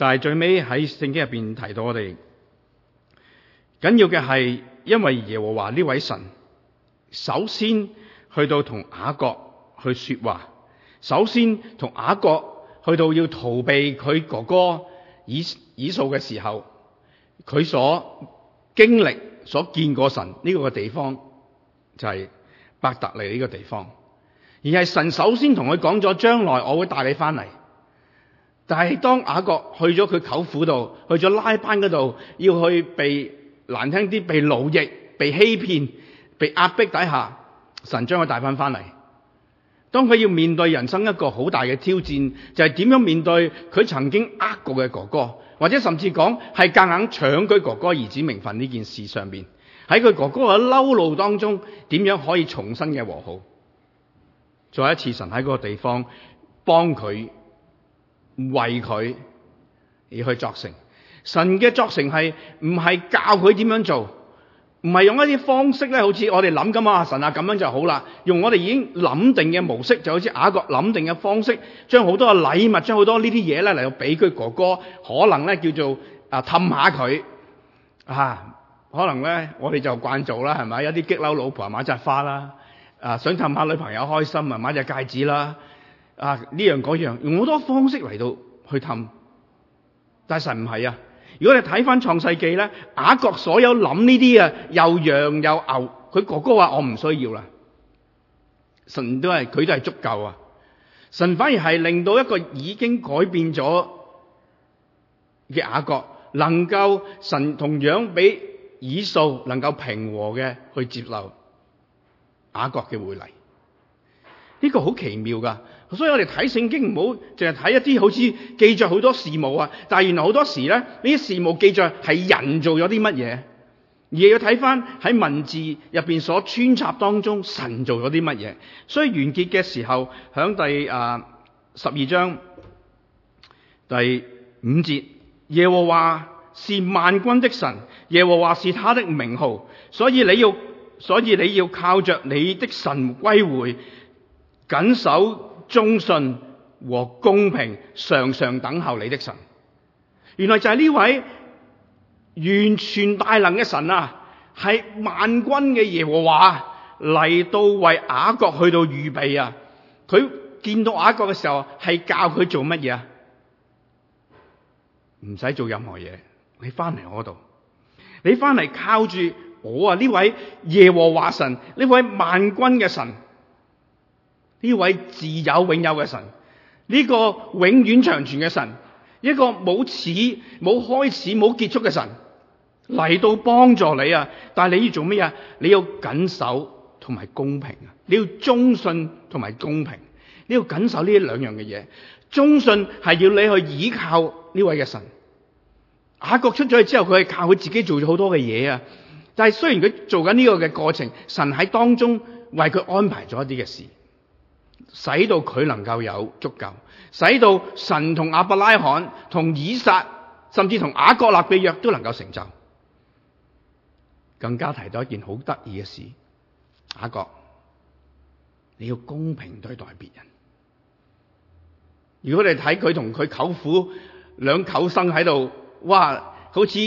但係最尾喺聖經入邊提到我哋，緊要嘅係因為耶和華呢位神，首先去到同雅各去說話，首先同雅各去到要逃避佢哥哥以以掃嘅時候，佢所經歷、所見過神呢個地方，就係、是、伯特利呢個地方，而係神首先同佢講咗將來我會帶你翻嚟。但係當雅各去咗佢舅父度，去咗拉班嗰度，要去被難聽啲被奴役、被欺騙、被壓迫底下，神將佢帶翻翻嚟。當佢要面對人生一個好大嘅挑戰，就係點樣面對佢曾經呃過嘅哥哥，或者甚至講係夾硬搶佢哥哥兒子名分呢件事上面。喺佢哥哥嘅嬲怒當中，點樣可以重新嘅和好？再一次神喺嗰個地方幫佢。幫為佢而去作成，神嘅作成係唔係教佢點樣做，唔係用一啲方式咧，好似我哋諗咁啊，神啊咁樣就好啦。用我哋已經諗定嘅模式，就好似雅各諗定嘅方式，將好多禮物，將好多呢啲嘢咧嚟到俾佢哥哥，可能咧叫做啊氹下佢啊，可能咧我哋就慣做啦，係咪？有啲激嬲老婆買扎花啦，啊想氹下女朋友開心啊，買隻戒指啦。啊！呢樣嗰樣用好多方式嚟到去氹，但係神唔係啊！如果你睇翻創世記咧，雅各所有諗呢啲啊，又羊又牛，佢哥哥話我唔需要啦，神都係佢都係足夠啊！神反而係令到一個已經改變咗嘅雅各，能夠神同樣俾以掃能夠平和嘅去接納雅各嘅回嚟，呢個好奇妙噶。所以我哋睇聖經唔好淨係睇一啲好似記着好多事務啊，但係原來好多時咧，呢啲事務記着係人做咗啲乜嘢，而要睇返喺文字入邊所穿插當中神做咗啲乜嘢。所以完結嘅時候喺第啊十二章第五節，耶和華是萬軍的神，耶和華是他的名號，所以你要，所以你要靠着你的神歸回，謹守。忠信和公平，常常等候你的神。原來就係呢位完全大能嘅神啊，係萬軍嘅耶和華嚟到為雅各去到預備啊！佢見到雅各嘅時候，係教佢做乜嘢啊？唔使做任何嘢，你返嚟我度，你返嚟靠住我啊！呢位耶和華神，呢位萬軍嘅神。呢位自有永有嘅神，呢個永遠長存嘅神，一個冇始冇開始冇結束嘅神嚟到幫助你啊！但係你要做咩啊？你要謹守同埋公平啊！你要忠信同埋公平，你要謹守呢兩樣嘅嘢。忠信係要你去依靠呢位嘅神。雅各出咗去之後，佢係靠佢自己做咗好多嘅嘢啊！但係雖然佢做緊呢個嘅過程，神喺當中為佢安排咗一啲嘅事。使到佢能夠有足夠，使到神同亞伯拉罕同以撒，甚至同雅各立嘅約都能夠成就。更加提到一件好得意嘅事，雅各，你要公平對待別人。如果你睇佢同佢舅父兩舅甥喺度，哇，好似，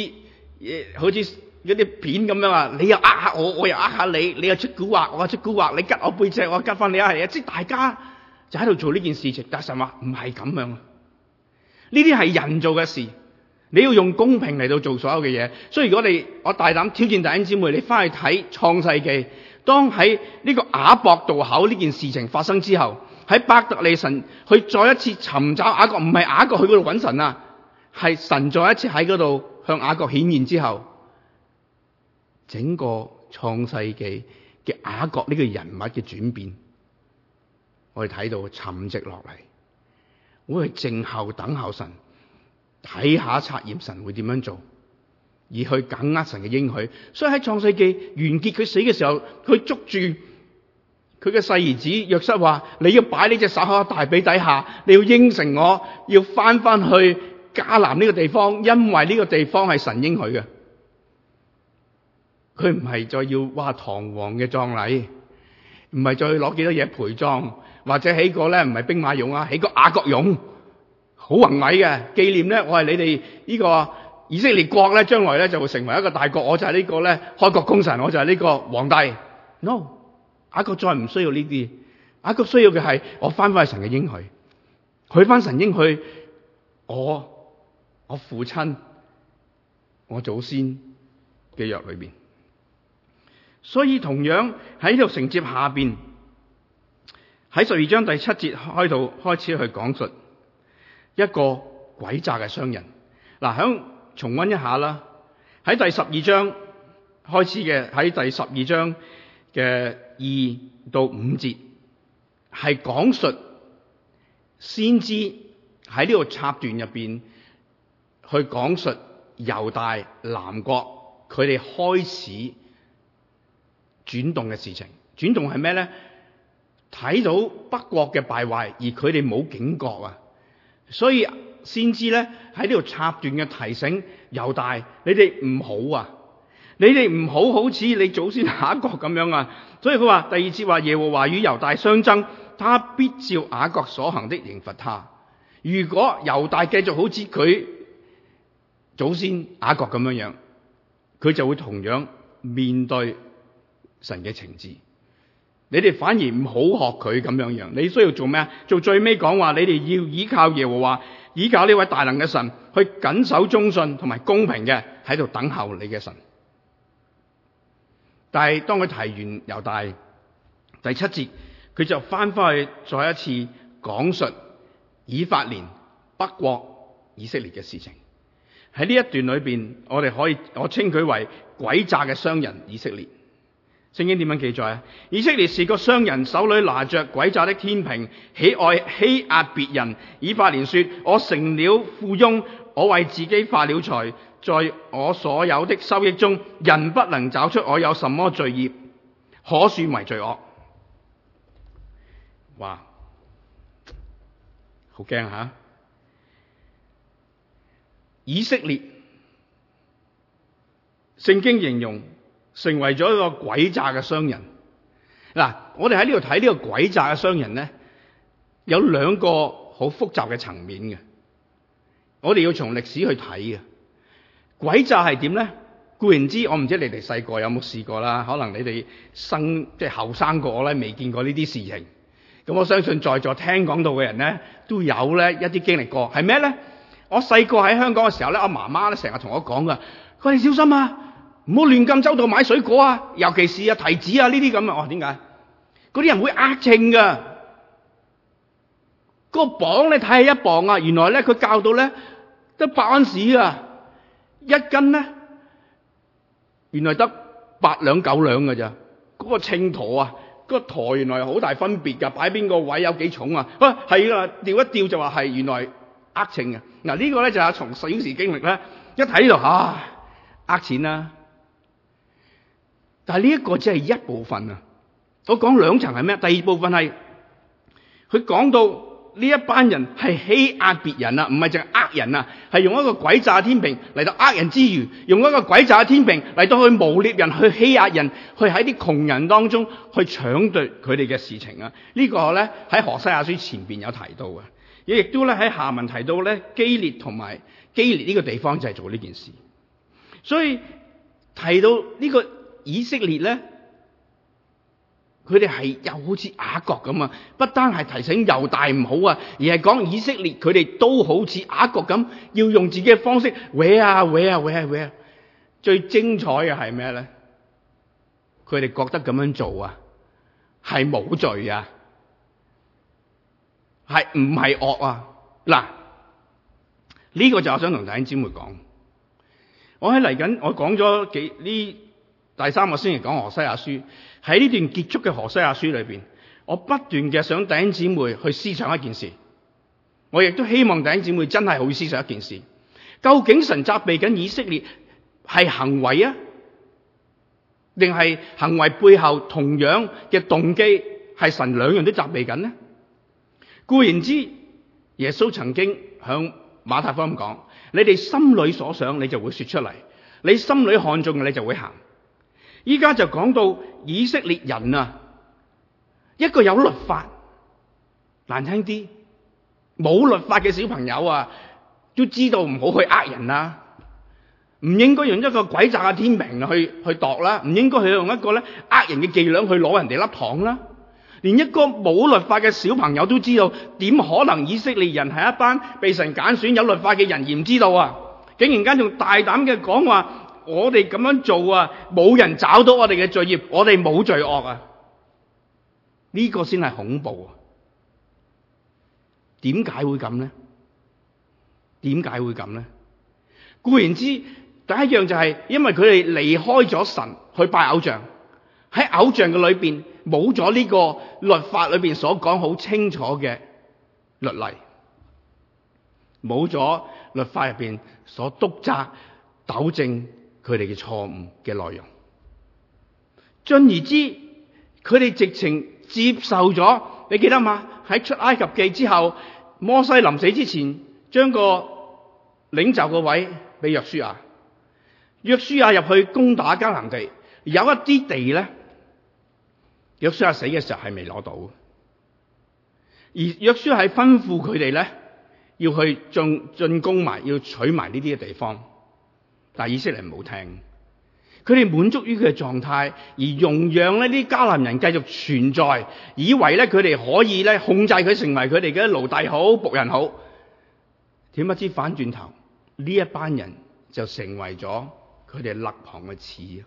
好似。嗰啲片咁樣啊！你又呃下我，我又呃下你，你又出蠱惑，我又出蠱惑，你吉我背脊，我吉翻你啊！即係大家就喺度做呢件事情，但係神話唔係咁樣，呢啲係人做嘅事，你要用公平嚟到做所有嘅嘢。所以如果你我大膽挑戰弟兄姊妹，你翻去睇《創世記》，當喺呢個雅博渡口呢件事情發生之後，喺伯特利神佢再一次尋找雅各，唔係雅各去嗰度揾神啊，係神再一次喺嗰度向雅各顯現之後。整個創世紀嘅雅各呢個人物嘅轉變，我哋睇到沉寂落嚟，我哋靜候、等候神，睇下察驗神會點樣做，而去緊握神嘅應許。所以喺創世紀完結佢死嘅時候，佢捉住佢嘅細兒子約瑟話：你要擺呢隻手喺大髀底下，你要應承我，要翻翻去迦南呢個地方，因為呢個地方係神應許嘅。佢唔係再要哇堂皇嘅葬禮，唔係再攞幾多嘢陪葬，或者起個咧唔係兵馬俑啊，起個雅各俑，好宏偉嘅紀念咧。我係你哋呢個以色列國咧，將來咧就會成為一個大國。我就係呢個咧開國功臣，我就係呢個皇帝。No，雅各再唔需要呢啲，雅各需要嘅係我翻返神英去返神嘅應許，佢翻神應許我，我父親，我祖先嘅約裏邊。所以同樣喺呢度承接下邊，喺十二章第七節開到開始去講述一個詭詐嘅商人嗱，響、啊、重溫一下啦。喺第十二章開始嘅喺第十二章嘅二到五節係講述先知喺呢個插段入邊去講述猶大南國佢哋開始。轉動嘅事情，轉動係咩咧？睇到北國嘅敗壞，而佢哋冇警覺啊，所以先知咧喺呢度插斷嘅提醒，猶大，你哋唔好啊，你哋唔好，好似你祖先雅各咁樣啊，所以佢話第二節話耶和華與猶大相爭，他必照雅各所行的刑罰他。如果猶大繼續好似佢祖先雅各咁樣樣，佢就會同樣面對。神嘅情志，你哋反而唔好學佢咁樣樣。你需要做咩啊？做最尾講話，你哋要依靠耶和華，依靠呢位大能嘅神，去謹守忠信同埋公平嘅，喺度等候你嘅神。但係當佢提完猶大第七節，佢就翻翻去再一次講述以法蓮北國以色列嘅事情。喺呢一段裏邊，我哋可以我稱佢為詭詐嘅商人以色列。聖經點樣記載啊？以色列是個商人，手裏拿着詭詐的天平，喜愛欺壓別人。以法蓮說：我成了富翁，我為自己發了財，在我所有的收益中，人不能找出我有什麼罪孽，可算為罪惡。哇，好驚嚇！以色列聖經形容。成為咗一個詭詐嘅商人。嗱，我哋喺呢度睇呢個詭詐嘅商人咧，有兩個好複雜嘅層面嘅。我哋要從歷史去睇嘅詭詐係點咧？固然之，我唔知你哋細個有冇試過啦。可能你哋生即係後生過我咧，未見過呢啲事情。咁我相信在座聽講到嘅人咧，都有咧一啲經歷過。係咩咧？我細個喺香港嘅時候咧，我媽媽咧成日同我講㗎：佢哋小心啊！唔好亂咁周到買水果啊，尤其是啊提子啊呢啲咁啊。哦，點解？嗰啲人會呃秤噶。個磅你睇下一磅啊，原來咧佢教到咧得百安士啊，一斤咧原來得八兩九兩嘅咋。嗰個秤砣啊，個砣原來好大分別噶，擺邊個位有幾重啊？哦，係啊，掉一吊就話係，原來呃秤嘅嗱。啊，這個、呢個咧就係、是、從小時經歷咧，一睇就吓，呃、啊、錢啦、啊。但呢一個只係一部分啊！我講兩層係咩？第二部分係佢講到呢一班人係欺壓別人啊，唔係淨係呃人啊，係用一個詭詐天平嚟到呃人之餘，用一個詭詐天平嚟到去謀掠人去欺壓人，去喺啲窮人當中去搶奪佢哋嘅事情啊！這個、呢個咧喺何西阿書前邊有提到啊，亦亦都咧喺下文提到咧基列同埋基列呢個地方就係做呢件事，所以提到呢、這個。以色列咧，佢哋係又好似雅各咁啊！不單係提醒猶大唔好啊，而係講以色列佢哋都好似雅各咁，要用自己嘅方式喂啊喂啊喂啊搲啊！最精彩嘅係咩咧？佢哋覺得咁樣做啊，係冇罪啊，係唔係惡啊？嗱，呢、這個就我想同弟兄姊妹講，我喺嚟緊我講咗幾呢？第三個先嚟講《何西阿書》，喺呢段結束嘅《何西阿書》裏邊，我不斷嘅想弟兄姊妹去思想一件事。我亦都希望弟兄姊妹真係好思想一件事。究竟神責備緊以色列係行為啊，定係行為背後同樣嘅動機係神兩樣都責備緊呢？固然之，耶穌曾經向馬太福音講：你哋心裏所想，你就會說出嚟；你心裏看中嘅，你就會行。依家就講到以色列人啊，一個有律法，難聽啲，冇律法嘅小朋友啊，都知道唔好去呃人啦，啊，唔應該用一個詭詐嘅天平去去度啦，唔應該去用一個咧呃人嘅伎倆去攞人哋粒糖啦。連一個冇律法嘅小朋友都知道，點可能以色列人係一班被神揀選有律法嘅人而唔知道啊？竟然間仲大膽嘅講話。我哋咁樣做啊，冇人找到我哋嘅罪孽，我哋冇罪惡啊！呢、這個先係恐怖啊！點解會咁呢？點解會咁呢？固然之，第一樣就係、是、因為佢哋離開咗神去拜偶像，喺偶像嘅裏邊冇咗呢個律法裏邊所講好清楚嘅律例，冇咗律法入邊所督責糾正。佢哋嘅錯誤嘅內容，進而之，佢哋直情接，接受咗。你記得嘛？喺出埃及記之後，摩西臨死之前，將個領袖個位俾約書亞，約書亞入去攻打迦南地，有一啲地咧，約書亞死嘅時候係未攞到，而約書亞係吩咐佢哋咧，要去進進攻埋，要取埋呢啲嘅地方。但係以色列嚟唔好聽，佢哋滿足於佢嘅狀態，而容讓呢啲迦南人繼續存在，以為咧佢哋可以咧控制佢成為佢哋嘅奴隸好僕人好，點不知反轉頭呢一班人就成為咗佢哋肋旁嘅刺，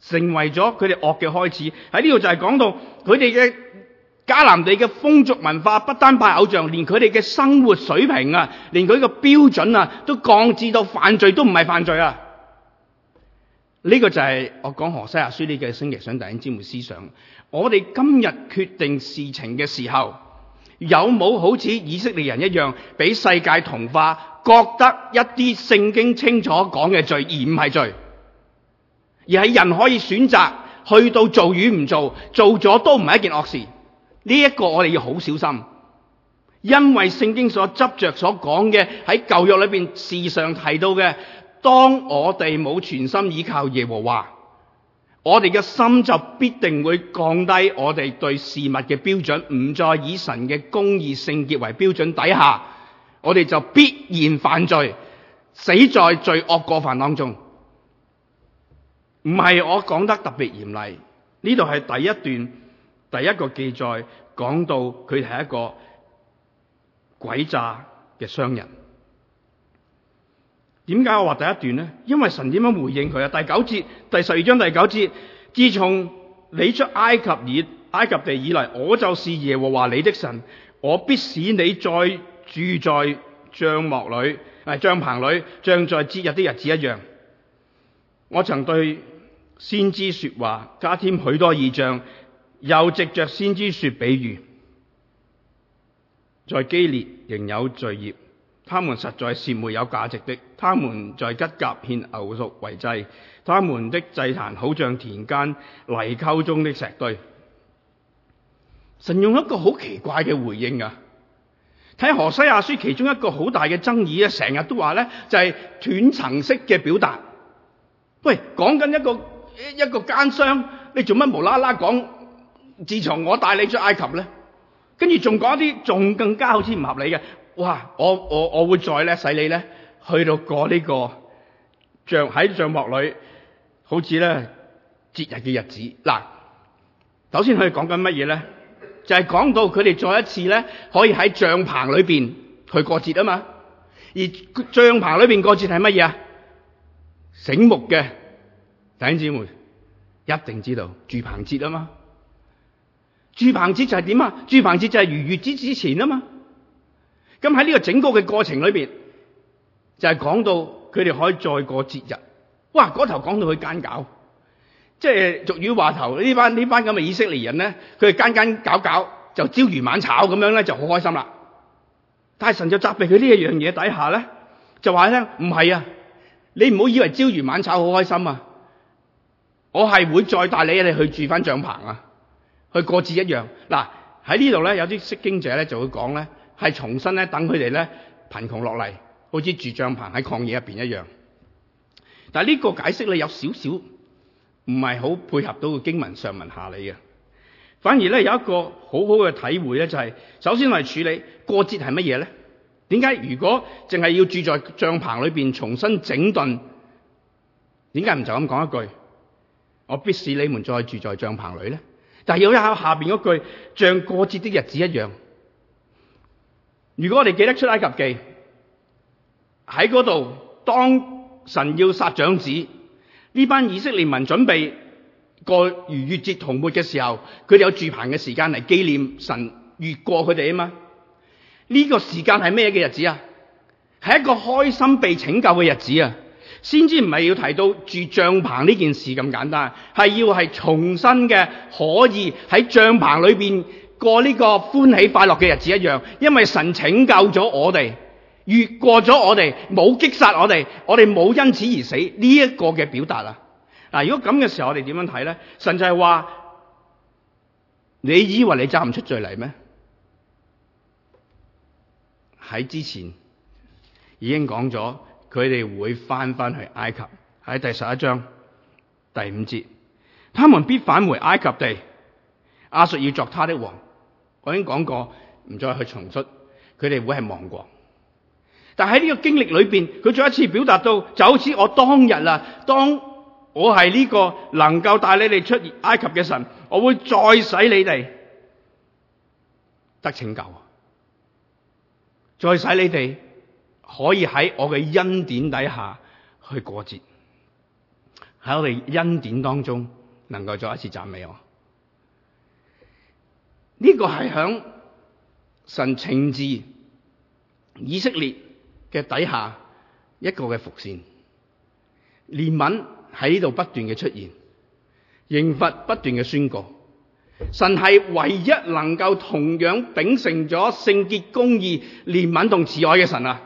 成為咗佢哋惡嘅開始。喺呢度就係講到佢哋嘅。迦南地嘅風俗文化不單拜偶像，連佢哋嘅生活水平啊，連佢個標準啊，都降至到犯罪都唔係犯罪啊！呢、這個就係我講《何西阿書》呢個星舊想大恩之母思想。我哋今日決定事情嘅時候，有冇好似以色列人一樣，俾世界同化，覺得一啲聖經清楚講嘅罪而唔係罪，而係人可以選擇去到做與唔做，做咗都唔係一件惡事。呢一個我哋要好小心，因為聖經所執着所講嘅，喺舊約裏邊事實上提到嘅，當我哋冇全心倚靠耶和華，我哋嘅心就必定會降低我哋對事物嘅標準，唔再以神嘅公義聖潔為標準底下，我哋就必然犯罪，死在罪惡過犯當中。唔係我講得特別嚴厲，呢度係第一段。第一個記載講到佢係一個鬼詐嘅商人。點解我話第一段呢？因為神點樣回應佢啊？第九節第十二章第九節，自從你出埃及以埃及地以嚟，我就是耶和華你的神，我必使你再住在帳幕裏、帳棚裏，像在節日的日子一樣。我曾對先知說話，加添許多異象。又藉着先知說比喻，在基列仍有罪孽。他們實在是沒有價值的。他們在吉甲獻牛犢為祭，他們的祭壇好像田間泥溝中的石堆。神用一個好奇怪嘅回應啊！睇何西亞書其中一個好大嘅爭議啊，成日都話咧就係斷層式嘅表達。喂，講緊一個一個奸商，你做乜無啦啦講？自從我帶你出埃及咧，跟住仲講啲仲更加好似唔合理嘅，哇！我我我會再咧使你咧去到過呢、這個帳喺帳幕裏，好似咧節日嘅日子。嗱，首先佢哋講緊乜嘢咧？就係、是、講到佢哋再一次咧可以喺帳篷裏邊去過節啊嘛。而帳篷裏邊過節係乜嘢啊？醒目嘅弟兄姊妹一定知道住棚節啊嘛。住棚節就係點啊？住棚節就係逾越節之前啊嘛。咁喺呢個整個嘅過程裏邊，就係、是、講到佢哋可以再過節日。哇，嗰頭講到佢奸搞，即係俗語話頭，呢班呢班咁嘅以色列人咧，佢哋奸奸搞搞就朝魚晚炒咁樣咧就好開心啦。大神就責備佢呢一樣嘢底下咧，就話咧唔係啊，你唔好以為朝魚晚炒好開心啊，我係會再帶你哋去住翻帳篷啊。去過節一樣，嗱喺呢度咧有啲識經者咧就會講咧，係重新咧等佢哋咧貧窮落嚟，好似住帳棚喺曠野入邊一樣。但係呢個解釋咧有少少唔係好配合到經文上文下理嘅，反而咧有一個好好嘅體會咧就係、是、首先我係處理過節係乜嘢咧？點解如果淨係要住在帳棚裏邊重新整頓，點解唔就咁講一句？我必使你們再住在帳棚裏咧？但係要一下下邊嗰句，像過節的日子一樣。如果我哋記得出埃及記，喺嗰度當神要殺長子，呢班以色列民準備過逾越節同末嘅時候，佢哋有住棚嘅時間嚟紀念神越過佢哋啊嘛。呢、這個時間係咩嘅日子啊？係一個開心被拯救嘅日子啊！先知唔係要提到住帳篷呢件事咁簡單，係要係重新嘅可以喺帳篷裏邊過呢個歡喜快樂嘅日子一樣。因為神拯救咗我哋，越過咗我哋，冇擊殺我哋，我哋冇因此而死。呢、這、一個嘅表達啦，嗱，如果咁嘅時候我哋點樣睇咧？神就係話，你以為你揸唔出罪嚟咩？喺之前已經講咗。佢哋會翻翻去埃及，喺第十一章第五節，他們必返回埃及地。亞述要作他的王，我已經講過，唔再去重述。佢哋會係亡國，但喺呢個經歷裏邊，佢再一次表達到：就好似我當日啊，當我係呢個能夠帶你哋出現埃及嘅神，我會再使你哋得拯救，啊，再使你哋。可以喺我嘅恩典底下去過節，喺我哋恩典當中能夠再一次讚美我。呢、這個係響神懲治以色列嘅底下一個嘅伏線，憐憫喺度不斷嘅出現，刑罰不斷嘅宣告。神係唯一能夠同樣秉承咗聖潔公義、憐憫同慈愛嘅神啊！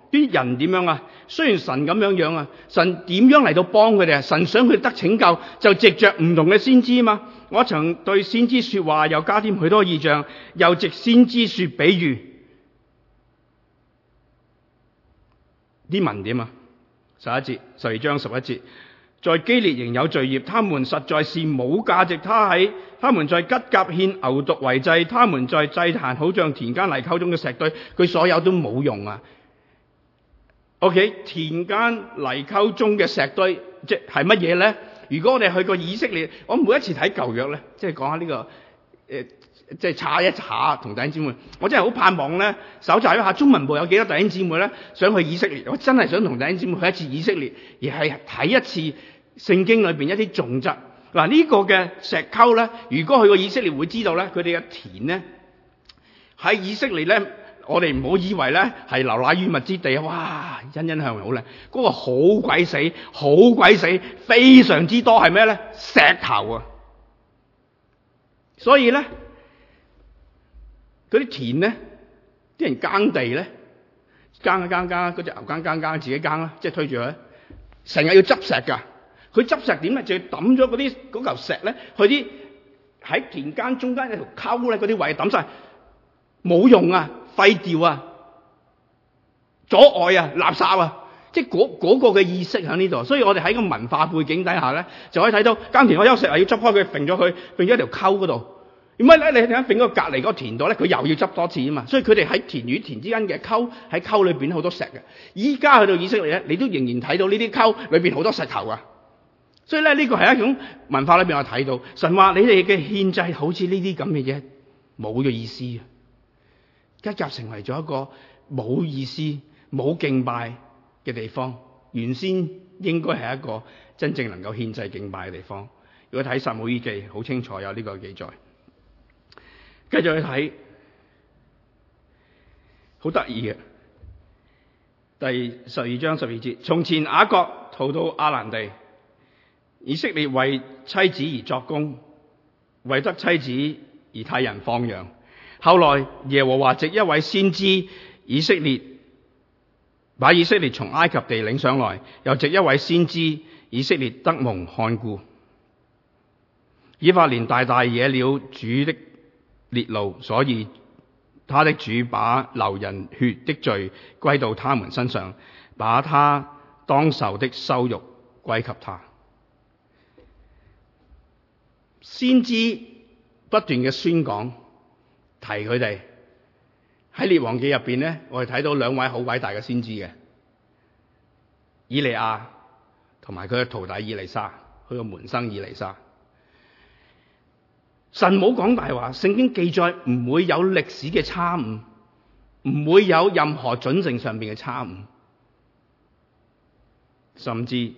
啲人點樣啊？雖然神咁樣樣啊，神點樣嚟到幫佢哋啊？神想去得拯救，就藉着唔同嘅先知啊嘛。我曾對先知說話，又加添許多異象，又藉先知說比喻。啲文點啊？十一節十二章十一節，在基列仍有罪孽，他們實在是冇價值。他喺他們在吉甲獻牛犢為祭，他們在祭壇，好像田間泥溝中嘅石堆，佢所有都冇用啊！O.K. 田間泥溝中嘅石堆，即係乜嘢咧？如果我哋去過以色列，我每一次睇舊約咧，即係講下呢、這個誒、呃，即係查一查同弟兄姊妹。我真係好盼望咧，搜集一下中文部有幾多弟兄姊妹咧，想去以色列。我真係想同弟兄姊妹去一次以色列，而係睇一次聖經裏邊一啲重質。嗱，呢個嘅石溝咧，如果去過以色列，會知道咧，佢哋嘅田咧喺以色列咧。我哋唔好以為咧係流奶與蜜之地，哇！欣欣向榮好靚，嗰個好鬼死，好鬼死，非常之多係咩咧？石頭啊！所以咧，嗰啲田咧，啲人耕地咧，耕啊耕耕，嗰隻牛耕耕耕，自己耕啦，即係推住佢，成日要執石噶。佢執石點解？就要抌咗嗰啲嗰嚿石咧，佢啲喺田間中間一條溝咧，嗰啲位抌晒，冇用啊！廢掉啊，阻礙啊，垃圾啊，即係嗰嗰個嘅意識喺呢度，所以我哋喺個文化背景底下咧，就可以睇到耕田嗰休息，啊，要執開佢，揈咗佢，平咗條溝嗰度。唔係咧，你睇下咗隔籬嗰個田度咧，佢又要執多次啊嘛。所以佢哋喺田與田之間嘅溝，喺溝裏邊好多石嘅。依家去到意識嚟咧，你都仍然睇到呢啲溝裏邊好多石頭啊。所以咧，呢、呢個係一種文化裏邊我睇到。神話你哋嘅獻祭好似呢啲咁嘅嘢，冇嘅意思啊。吉甲成為咗一個冇意思、冇敬拜嘅地方，原先應該係一個真正能夠獻祭敬拜嘅地方。如果睇《撒母耳記》，好清楚有呢個記載。繼續去睇，好得意嘅第十二章十二節：從前雅各逃到亞蘭地，以色列為妻子而作工，為得妻子而替人放羊。後來耶和華藉一位先知以色列，把以色列從埃及地領上來，又藉一位先知以色列得蒙看顧。以法蓮大大惹了主的烈怒，所以他的主把流人血的罪歸到他們身上，把他當受的羞辱歸給他。先知不斷嘅宣講。提佢哋喺列王記入邊咧，我哋睇到兩位好偉大嘅先知嘅以利亞同埋佢嘅徒弟以利沙，佢嘅門生以利沙。神冇講大話，聖經記載唔會有歷史嘅差誤，唔會有任何準確性上邊嘅差誤，甚至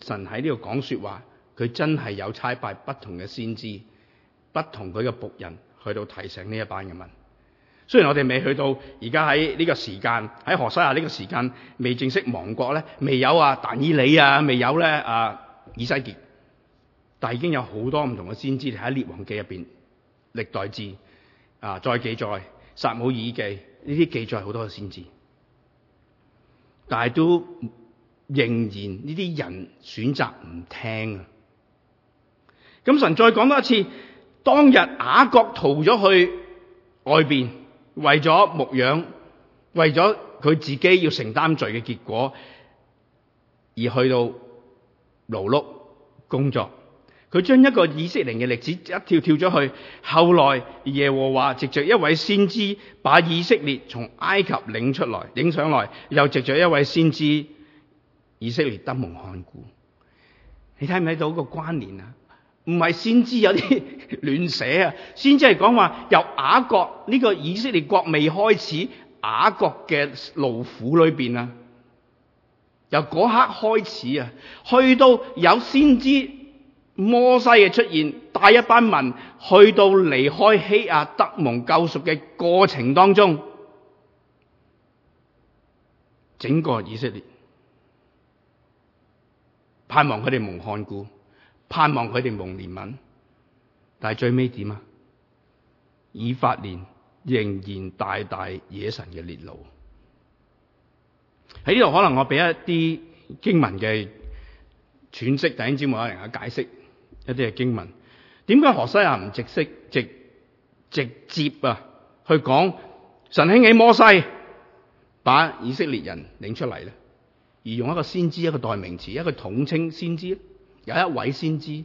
神喺呢度講說話，佢真係有差派不同嘅先知，不同佢嘅僕人。去到提醒呢一班人民，雖然我哋未去到而家喺呢個時間喺何西阿呢個時間未正式亡國咧，未有啊但以理啊未有咧啊以西結，但已經有好多唔同嘅先知喺列王記入邊歷代志啊再記載撒母耳記呢啲記載好多嘅先知，但係都仍然呢啲人選擇唔聽啊。咁神再講多一次。當日雅各逃咗去外邊，為咗牧羊，為咗佢自己要承擔罪嘅結果，而去到勞碌工作。佢將一個以色列嘅歷史一跳跳咗去，後來耶和華藉着一位先知把以色列從埃及領出來，領上來，又藉着一位先知以色列得蒙看顧。你睇唔睇到個關聯啊？唔係先知有啲亂寫啊，先知係講話由雅各呢個以色列國未開始雅各嘅勞苦裏邊啊，由嗰刻開始啊，去到有先知摩西嘅出現，帶一班民去到離開希亞德蒙救贖嘅過程當中，整個以色列盼望佢哋蒙看顧。盼望佢哋蒙憐憫，但係最尾點啊？以法蓮仍然大大惹神嘅烈怒。喺呢度可能我俾一啲經文嘅詮釋，但係之招冇有人解釋。一啲嘅經文，點解何西阿唔直接直接直接啊？去講神興起摩西，把以色列人領出嚟咧，而用一個先知一個代名詞，一個統稱先知。有一位先知呢，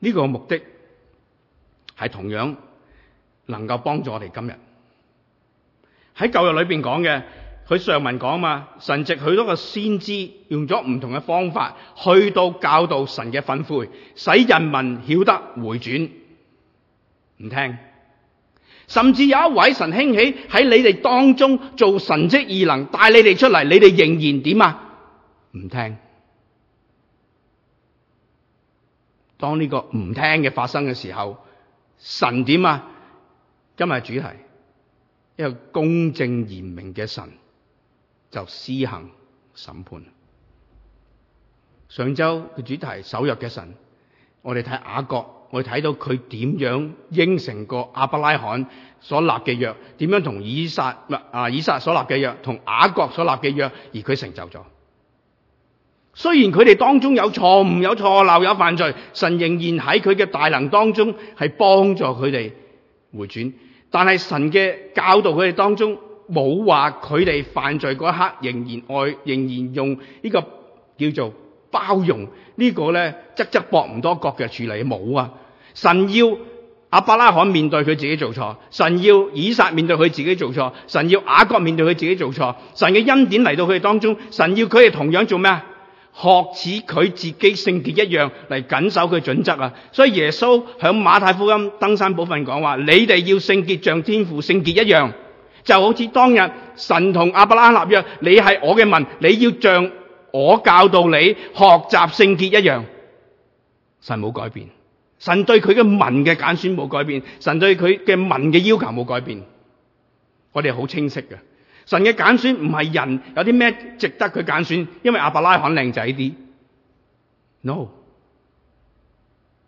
這個目的係同樣能夠幫助我哋今日喺舊約裏邊講嘅，佢上文講嘛，神藉許多個先知用咗唔同嘅方法去到教導神嘅訓誨，使人民曉得回轉唔聽，甚至有一位神興起喺你哋當中做神蹟異能，帶你哋出嚟，你哋仍然點啊？唔聽。當呢個唔聽嘅發生嘅時候，神點啊？今日主題，一個公正廉明嘅神就施行審判。上周嘅主題，守約嘅神，我哋睇雅各，我睇到佢點樣應承過亞伯拉罕所立嘅約，點樣同以撒唔係啊，以撒所立嘅約，同雅各所立嘅約，而佢成就咗。雖然佢哋當中有錯誤、有錯漏、有犯罪，神仍然喺佢嘅大能當中係幫助佢哋回轉。但係神嘅教導佢哋當中冇話佢哋犯罪嗰一刻仍然愛、仍然用呢個叫做包容、這個、呢個咧，側側膊唔多覺嘅處理冇啊！神要亞伯拉罕面對佢自己做錯，神要以撒面對佢自己做錯，神要雅各面對佢自己做錯，神嘅恩典嚟到佢哋當中，神要佢哋同樣做咩啊？學似佢自己聖潔一樣嚟，緊守佢準則啊！所以耶穌響馬太福音登山部分講話：你哋要聖潔像天父聖潔一樣，就好似當日神同亞伯拉罕立約，你係我嘅民，你要像我教導你學習聖潔一樣。神冇改變，神對佢嘅民嘅揀選冇改變，神對佢嘅民嘅要求冇改變，我哋好清晰嘅。神嘅揀選唔係人有啲咩值得佢揀選，因為亞伯拉罕靚仔啲，No，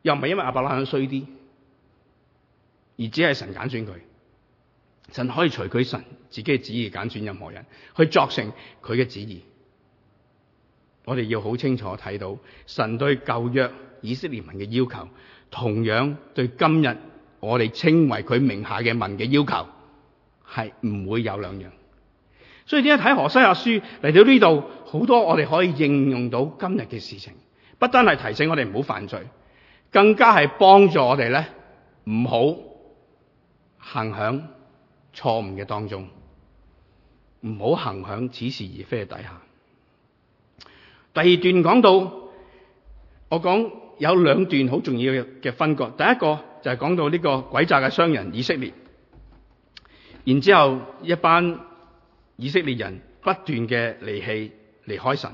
又唔係因為亞伯拉罕衰啲，而只係神揀選佢。神可以隨佢神自己嘅旨意揀選任何人去作成佢嘅旨意。我哋要好清楚睇到神對舊約以色列民嘅要求，同樣對今日我哋稱為佢名下嘅民嘅要求，係唔會有兩樣。所以點解睇《何西阿書》嚟到呢度，好多我哋可以應用到今日嘅事情，不單係提醒我哋唔好犯罪，更加係幫助我哋咧，唔好行響錯誤嘅當中，唔好行響似是而非嘅底下。第二段講到，我講有兩段好重要嘅分割，第一個就係講到呢個詭詐嘅商人以色列，然之後一班。以色列人不斷嘅離棄、離開神。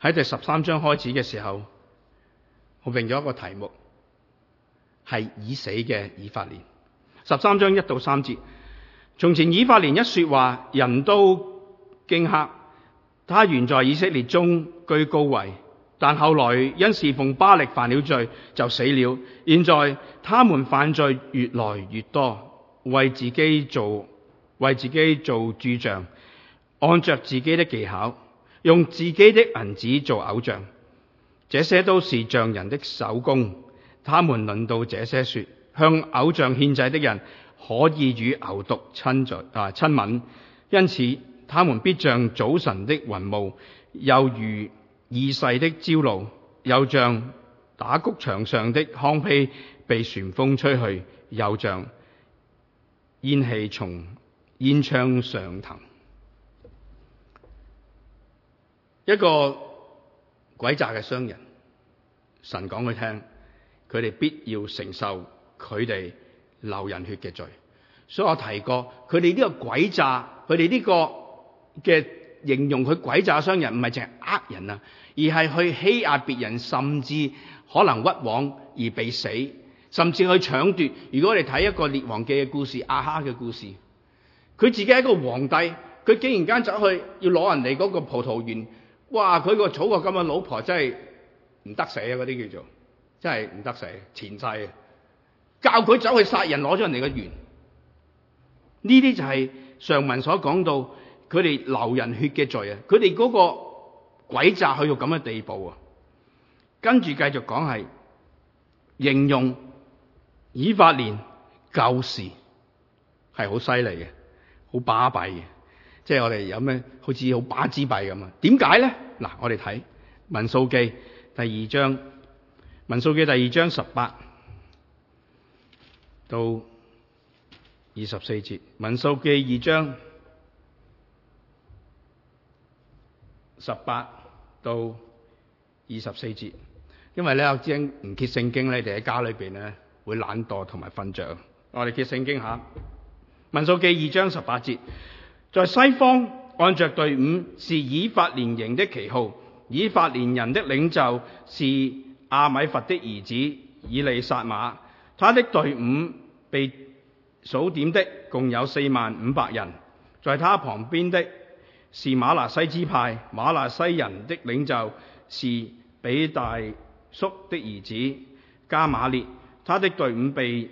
喺第十三章開始嘅時候，我定咗一個題目係已死嘅以法蓮。十三章一到三節，從前以法蓮一説話，人都驚嚇。他原在以色列中居高位，但後來因侍奉巴力犯了罪，就死了。現在他們犯罪越來越多，為自己做為自己做鑄像，按着自己的技巧，用自己的銀子做偶像，這些都是匠人的手工。他們論到這些說：向偶像獻祭的人，可以與牛犢親嘴啊親吻。因此，他們必像早晨的雲霧，又如易逝的朝露，又像打穀場上的糠秕被旋風吹去，又像煙氣從，煙槍上騰，一個鬼詐嘅商人，神講佢聽，佢哋必要承受佢哋流人血嘅罪。所以我提過，佢哋呢個鬼詐，佢哋呢個嘅形容佢鬼詐商人，唔係淨係呃人啊，而係去欺壓別人，甚至可能屈枉而被死，甚至去搶奪。如果我哋睇一個列王記嘅故事，亞哈嘅故事。佢自己係一個皇帝，佢竟然間走去要攞人哋嗰個葡萄園，哇！佢個草個咁嘅老婆真係唔得死啊！嗰啲叫做真係唔得死，前世啊，教佢走去殺人攞咗人哋嘅園，呢啲就係上文所講到佢哋流人血嘅罪啊！佢哋嗰個詭詐去到咁嘅地步啊！跟住繼續講係形容以法蓮舊時係好犀利嘅。好巴閉嘅，即係我哋有咩好似好巴之閉咁啊？點解咧？嗱，我哋睇民數記第二章，民數記第二章十八到二十四節，民數記二章十八到二十四節。因為咧，我知唔揭聖經，你哋喺家裏邊咧會懶惰同埋瞓着。我哋揭聖經下。民數記二章十八節，在西方按着隊伍是以法連營的旗號，以法連人的領袖是阿米佛的兒子以利撒馬，他的隊伍被數點的共有四萬五百人，在他旁邊的是馬拿西支派，馬拿西人的領袖是比大叔的兒子加瑪列，他的隊伍被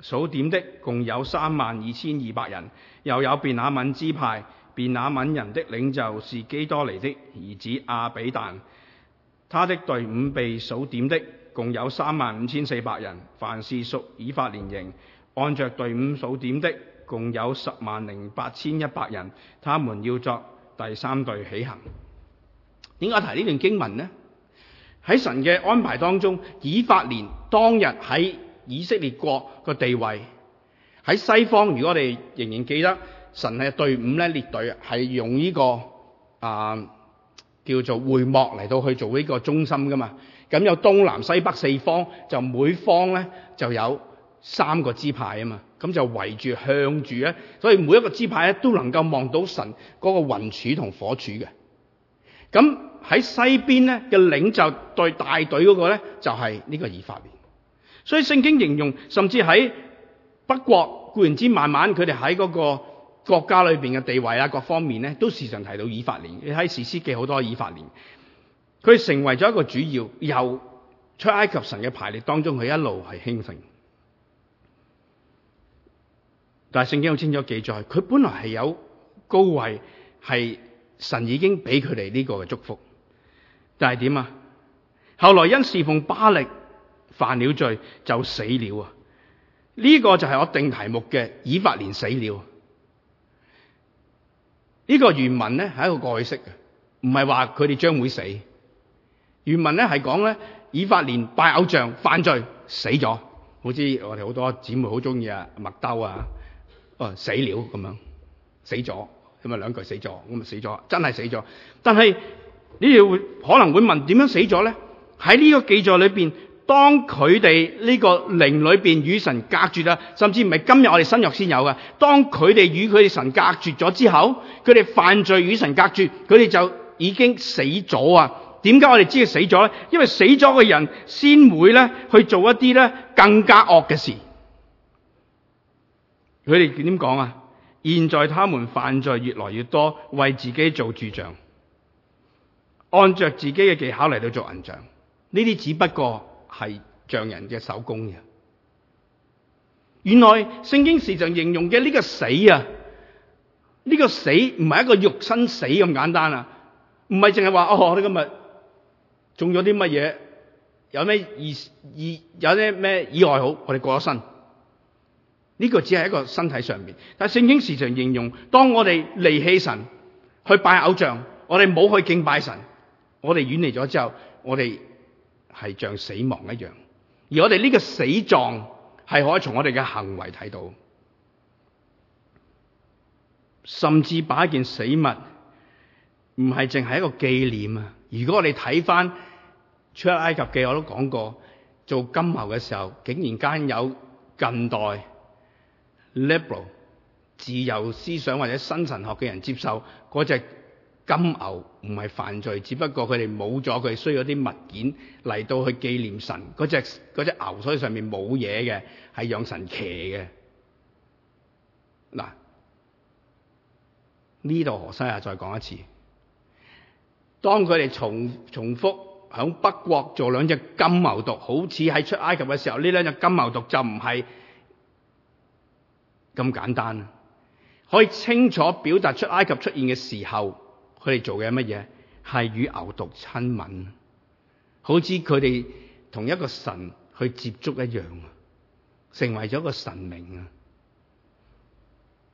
數點的共有三萬二千二百人，又有便那敏支派。便那敏人的領袖是基多尼的兒子亞比但，他的隊伍被數點的共有三萬五千四百人。凡是屬以法蓮營，按着隊伍數點的共有十萬零八千一百人。他們要作第三隊起行。點解提呢段經文呢？喺神嘅安排當中，以法蓮當日喺以色列國個地位喺西方，如果我哋仍然記得神嘅隊伍咧列隊係用呢個啊叫做會幕嚟到去做呢個中心噶嘛，咁有東南西北四方，就每方咧就有三個支派啊嘛，咁就圍住向住咧，所以每一個支派咧都能夠望到神嗰個雲柱同火柱嘅。咁喺西邊咧嘅領袖對大隊嗰個咧就係、是、呢個以法蓮。所以聖經形容，甚至喺北國固然之慢慢佢哋喺嗰個國家裏邊嘅地位啊，各方面咧都時常提到以法蓮，你睇士師記好多以法蓮，佢成為咗一個主要，由出埃及神嘅排列當中，佢一路係興盛。但係聖經好清楚記載，佢本來係有高位，係神已經俾佢哋呢個嘅祝福，但係點啊？後來因侍奉巴力。犯了罪就死了啊！呢個就係我定題目嘅，以法連死了。呢個原文咧係一個過去式嘅，唔係話佢哋將會死。原文咧係講咧，以法連拜偶像犯罪死咗，好似我哋好多姊妹好中意啊麥兜啊，哦死了咁樣，死咗咁啊兩句死咗，咁啊死咗，真係死咗。但係你哋會可能會問點樣死咗咧？喺呢個記載裏邊。當佢哋呢個靈裏邊與神隔絕啦，甚至唔係今日我哋新約先有嘅。當佢哋與佢哋神隔絕咗之後，佢哋犯罪與神隔絕，佢哋就已經死咗啊！點解我哋知佢死咗咧？因為死咗嘅人先會咧去做一啲咧更加惡嘅事。佢哋點講啊？現在他們犯罪越來越多，為自己做鑄像，按着自己嘅技巧嚟到做銀像，呢啲只不過。係匠人嘅手工嘅，原來聖經時常形容嘅呢個死啊，呢、這個死唔係一個肉身死咁簡單啊，唔係淨係話哦，你今日仲有啲乜嘢，有咩意意有啲咩意外好，我哋過咗身，呢、這個只係一個身體上面。」但係聖經時常形容，當我哋離棄神，去拜偶像，我哋冇去敬拜神，我哋遠離咗之後，我哋。係像死亡一樣，而我哋呢個死狀係可以從我哋嘅行為睇到，甚至把一件死物唔係淨係一個紀念啊！如果我哋睇翻出埃及記，我都講過，做金牛嘅時候，竟然間有近代 liberal 自由思想或者新神學嘅人接受嗰隻金牛唔係犯罪，只不過佢哋冇咗佢需要啲物件嚟到去紀念神嗰隻嗰隻牛，所以上面冇嘢嘅係讓神騎嘅。嗱，呢度何西阿啊？再講一次，當佢哋重重複響北國做兩隻金牛犢，好似喺出埃及嘅時候，呢兩隻金牛犢就唔係咁簡單，可以清楚表達出埃及出現嘅時候。佢哋做嘅乜嘢係與牛犢親吻，好似佢哋同一個神去接觸一樣，成為咗個神明啊！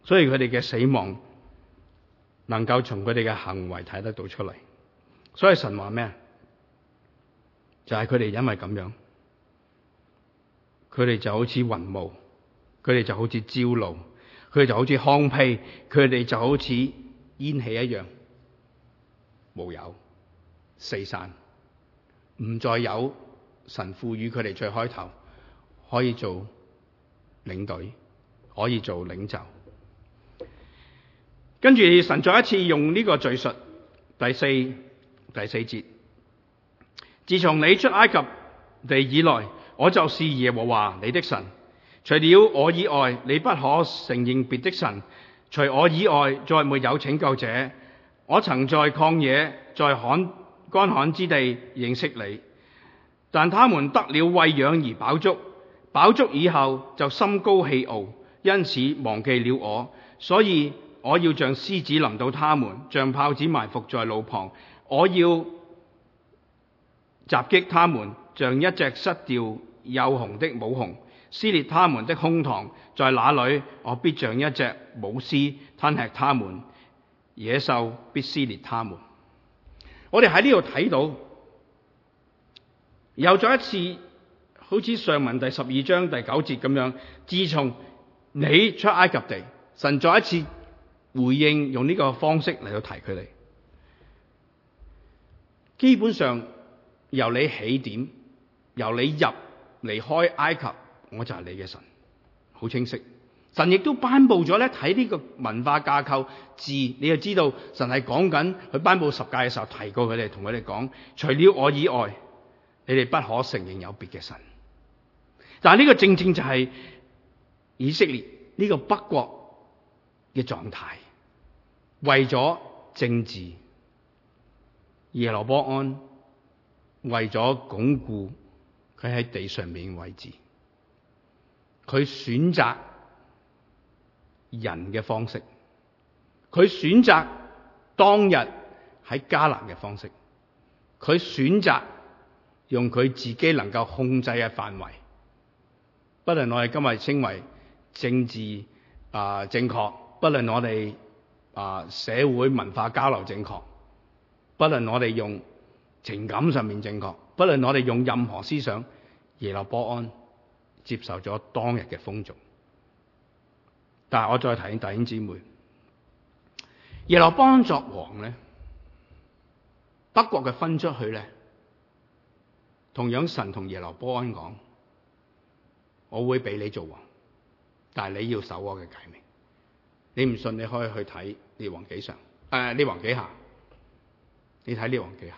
所以佢哋嘅死亡能夠從佢哋嘅行為睇得到出嚟。所以神話咩啊？就係佢哋因為咁樣，佢哋就好似雲霧，佢哋就好似朝露，佢哋就好似糠秕，佢哋就好似煙氣一樣。冇有四散，唔再有神賦予佢哋最開頭可以做領隊，可以做領袖。跟住神再一次用呢個敘述第四第四節，自從你出埃及地以來，我就是耶和華你的神，除了我以外，你不可承認別的神；除我以外，再沒有拯救者。我曾在曠野、在旱乾旱之地認識你，但他們得了餵養而飽足，飽足以後就心高氣傲，因此忘記了我。所以我要像獅子臨到他們，像豹子埋伏在路旁，我要襲擊他們，像一隻失掉幼熊的母熊，撕裂他們的胸膛。在那裏，我必像一隻母獅吞吃他們。野獸必撕裂他們。我哋喺呢度睇到，又再一次，好似上文第十二章第九節咁樣。自從你出埃及地，神再一次回應，用呢個方式嚟到提佢哋。基本上由你起點，由你入離開埃及，我就係你嘅神，好清晰。神亦都頒布咗咧，睇呢個文化架構字，你就知道神係講緊佢頒布十誡嘅時候提過佢哋，同佢哋講，除了我以外，你哋不可承認有別嘅神。但係呢個正正就係以色列呢個北國嘅狀態，為咗政治，耶羅波安，為咗鞏固佢喺地上面嘅位置，佢選擇。人嘅方式，佢選擇當日喺迦南嘅方式，佢選擇用佢自己能夠控制嘅範圍，不論我哋今日稱為政治啊、呃、正確，不論我哋啊、呃、社會文化交流正確，不論我哋用情感上面正確，不論我哋用任何思想，耶羅波安接受咗當日嘅風俗。但係我再提醒弟兄姊妹，耶羅邦作王咧，北國嘅分出去咧，同樣神同耶羅波安講：我會俾你做王，但係你要守我嘅誡命。你唔信，你可以去睇列王紀上，誒、呃、列王紀下，你睇列王紀下，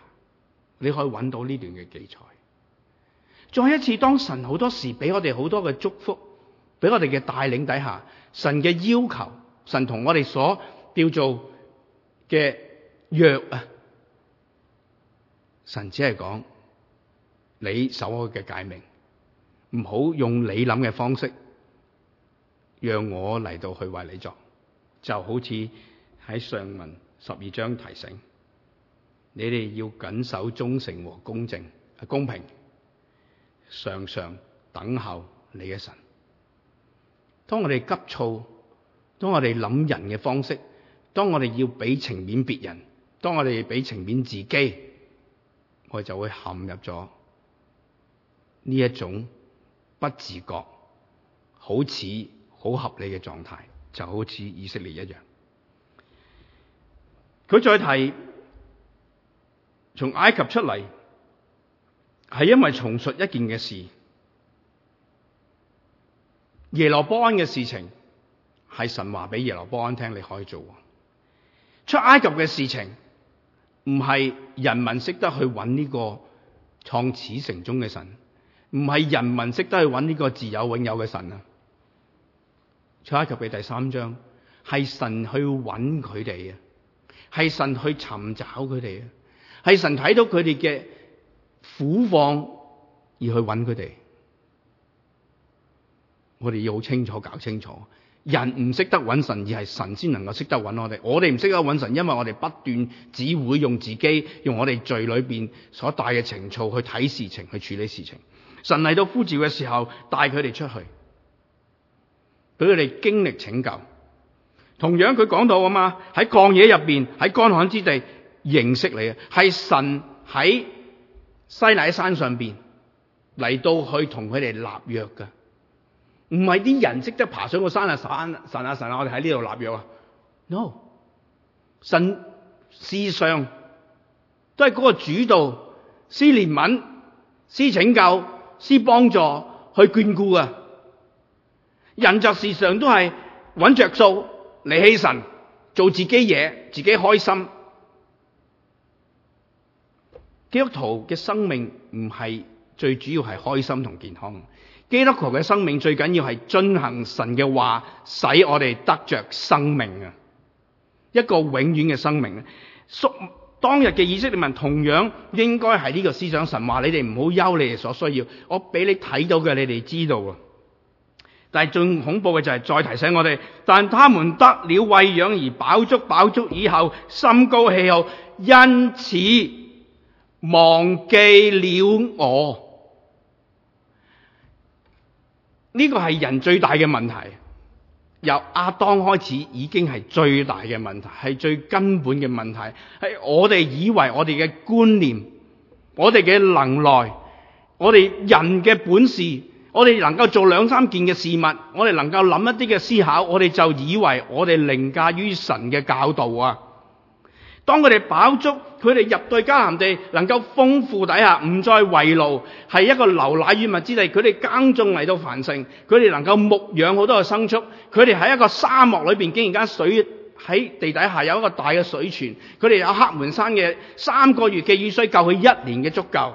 你可以揾到呢段嘅記載。再一次，當神好多時俾我哋好多嘅祝福，俾我哋嘅帶領底下。神嘅要求，神同我哋所叫做嘅約啊，神只係講你守開嘅解明，唔好用你諗嘅方式讓我嚟到去為你作，就好似喺上文十二章提醒你哋要謹守忠誠和公正啊公平，常常等候你嘅神。當我哋急躁，當我哋諗人嘅方式，當我哋要俾情面別人，當我哋俾情面自己，我哋就會陷入咗呢一種不自覺，好似好合理嘅狀態，就好似以色列一樣。佢再提從埃及出嚟，係因為重述一件嘅事。耶羅波安嘅事情係神話俾耶羅波安聽，你可以做。出埃及嘅事情唔係人民識得去揾呢個創始成終嘅神，唔係人民識得去揾呢個自有永有嘅神啊。出埃及嘅第三章係神去揾佢哋啊，係神去尋找佢哋啊，係神睇到佢哋嘅苦況而去揾佢哋。我哋要好清楚，搞清楚，人唔識得揾神，而係神先能夠識得揾我哋。我哋唔識得揾神，因為我哋不斷只會用自己，用我哋罪裏邊所帶嘅情操去睇事情，去處理事情。神嚟到呼召嘅時候，帶佢哋出去，俾佢哋經歷拯救。同樣佢講到啊嘛，喺曠野入邊，喺乾旱之地認識你，係神喺西乃山上邊嚟到去同佢哋立約噶。唔係啲人識得爬上個山啊！神神啊神啊！我哋喺呢度立約啊！no，神時常都係嗰個主導，施憐憫、施拯救、施幫助去眷顧嘅。人就時常都係揾着數嚟欺神，做自己嘢，自己開心。基督徒嘅生命唔係最主要係開心同健康。基督徒嘅生命最緊要係遵行神嘅話，使我哋得着生命啊！一個永遠嘅生命咧，當日嘅以色列民同樣應該係呢個思想神話，你哋唔好憂，你哋所需要，我俾你睇到嘅，你哋知道啊！但係最恐怖嘅就係、是、再提醒我哋，但他們得了餵養而飽足飽足以後，心高氣傲，因此忘記了我。呢個係人最大嘅問題，由亞當開始已經係最大嘅問題，係最根本嘅問題。係我哋以為我哋嘅觀念，我哋嘅能耐，我哋人嘅本事，我哋能夠做兩三件嘅事物，我哋能夠諗一啲嘅思考，我哋就以為我哋凌駕於神嘅教導啊！當佢哋飽足。佢哋入到迦南地，能夠豐富底下，唔再為奴，係一個流奶與蜜之地。佢哋耕種嚟到繁盛，佢哋能夠牧養好多嘅牲畜。佢哋喺一個沙漠裏邊，竟然間水喺地底下有一個大嘅水泉。佢哋有黑門山嘅三個月嘅雨水，夠佢一年嘅足夠。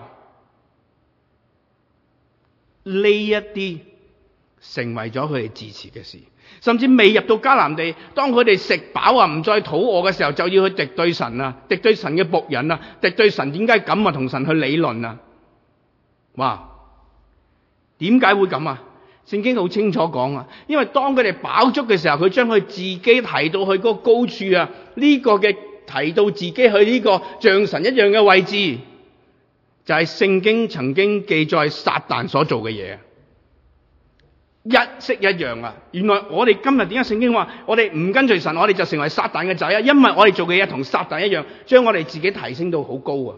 呢一啲成為咗佢哋支持嘅事。甚至未入到迦南地，當佢哋食飽啊，唔再肚餓嘅時候，就要去敵對神啊，敵對神嘅僕人啊，敵對神，點解咁啊？同神去理論啊？哇，點解會咁啊？聖經好清楚講啊，因為當佢哋飽足嘅時候，佢將佢自己提到去嗰個高處啊，呢個嘅提到自己去呢個像神一樣嘅位置，就係聖經曾經記載撒旦所做嘅嘢。一式一樣啊！原來我哋今日點解聖經話我哋唔跟隨神，我哋就成為撒旦嘅仔啊！因為我哋做嘅嘢同撒旦一樣，將我哋自己提升到好高啊！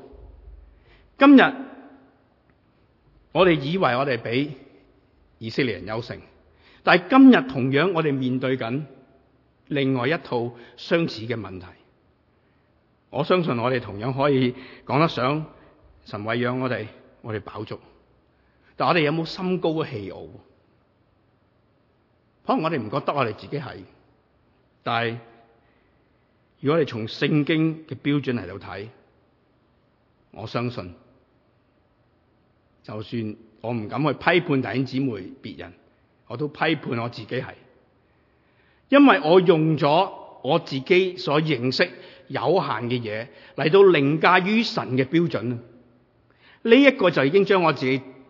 今日我哋以為我哋比以色列人優勝，但係今日同樣我哋面對緊另外一套相似嘅問題。我相信我哋同樣可以講得上神餵養我哋，我哋飽足，但我哋有冇心高嘅氣傲？可能我哋唔覺得我哋自己係，但係如果你從聖經嘅標準嚟到睇，我相信就算我唔敢去批判弟兄姊妹別人，我都批判我自己係，因為我用咗我自己所認識有限嘅嘢嚟到凌駕於神嘅標準。呢一個就已經將我自己。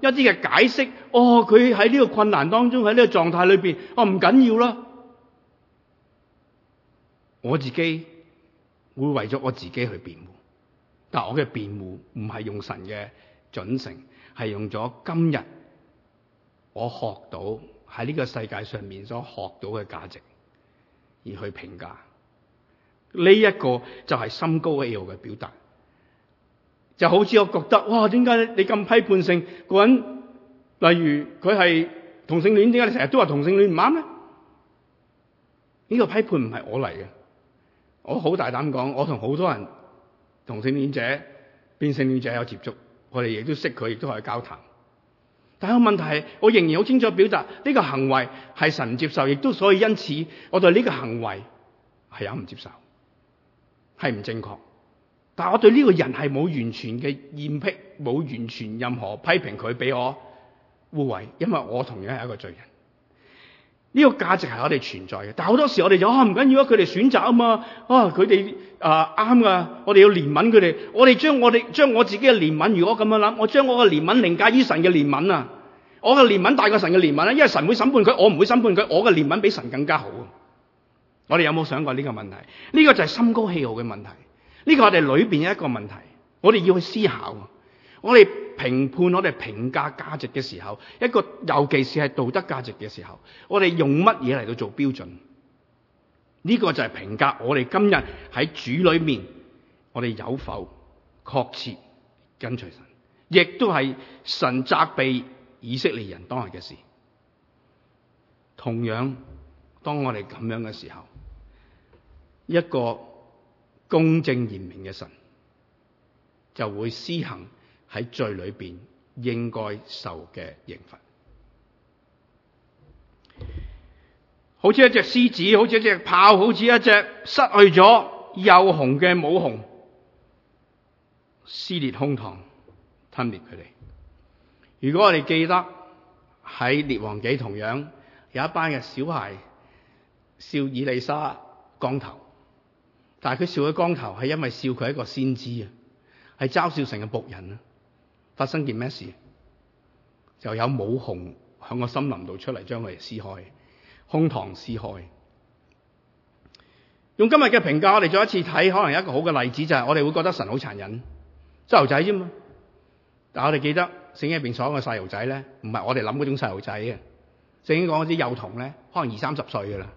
一啲嘅解釋，哦，佢喺呢個困難當中，喺呢個狀態裏邊，哦，唔緊要啦。我自己會為咗我自己去辯護，但我嘅辯護唔係用神嘅準繩，係用咗今日我學到喺呢個世界上面所學到嘅價值而去評價。呢一個就係心高嘅表嘅表達。就好似我覺得，哇！點解你咁批判性個人？例如佢係同性戀，點解你成日都話同性戀唔啱咧？呢個批判唔係我嚟嘅，我好大膽講，我同好多人同性戀者、變性戀者有接觸，我哋亦都識佢，亦都係交談。但係個問題係，我仍然好清楚表達呢個行為係神唔接受，亦都所以因此，我對呢個行為係有唔接受，係唔正確。但我對呢個人係冇完全嘅厭癖，冇完全任何批評佢俾我護衛，因為我同樣係一個罪人。呢個價值係我哋存在嘅，但好多時我哋就啊，唔緊要啊，佢哋選擇啊嘛，啊佢哋啊啱噶，我哋要憐憫佢哋。我哋將我哋將我自己嘅憐憫，如果咁樣諗，我將我嘅憐憫凌駕於神嘅憐憫啊！我嘅憐憫大過神嘅憐憫啊！因為神會審判佢，我唔會審判佢，我嘅憐憫比神更加好。我哋有冇想過呢個問題？呢個就係心高氣傲嘅問題。呢個我哋裏邊一個問題，我哋要去思考，我哋評判我哋評價價值嘅時候，一個尤其是係道德價值嘅時候，我哋用乜嘢嚟到做標準？呢個就係評價我哋今日喺主裏面，我哋有否確切跟隨神？亦都係神責備以色列人當日嘅事。同樣，當我哋咁樣嘅時候，一個。公正廉明嘅神就會施行喺罪裏邊應該受嘅刑罰，好似一隻獅子，好似一隻豹，好似一隻失去咗幼熊嘅母熊，撕裂胸膛，吞滅佢哋。如果我哋記得喺列王紀同樣有一班嘅小孩，笑以利沙光頭。但係佢笑佢光頭，係因為笑佢一個先知啊，係嘲笑神嘅僕人啊！發生件咩事？就有母熊響個森林度出嚟，將佢撕開，胸膛撕開。用今日嘅評價，我哋再一次睇，可能有一個好嘅例子就係、是，我哋會覺得神好殘忍，細路仔啫嘛。但係我哋記得聖經入邊所有嘅細路仔咧，唔係我哋諗嗰種細路仔啊。聖經講嗰啲幼童咧，可能二三十歲噶啦。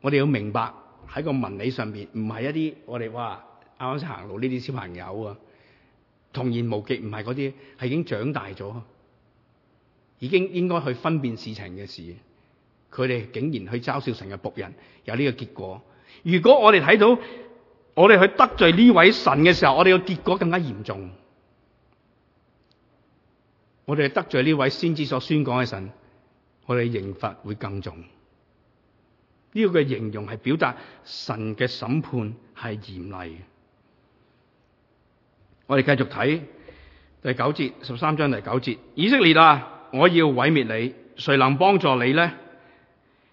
我哋要明白。喺個文理上邊，唔係一啲我哋話，啱啱行路呢啲小朋友啊，童言無忌，唔係嗰啲，係已經長大咗，已經應該去分辨事情嘅事，佢哋竟然去嘲笑神嘅僕人，有呢個結果。如果我哋睇到我哋去得罪呢位神嘅時候，我哋嘅結果更加嚴重。我哋得罪呢位先知所宣講嘅神，我哋刑罰會更重。呢個形容係表達神嘅審判係嚴厲嘅。我哋繼續睇第九節，十三章第九節，以色列啊，我要毀滅你，誰能幫助你呢？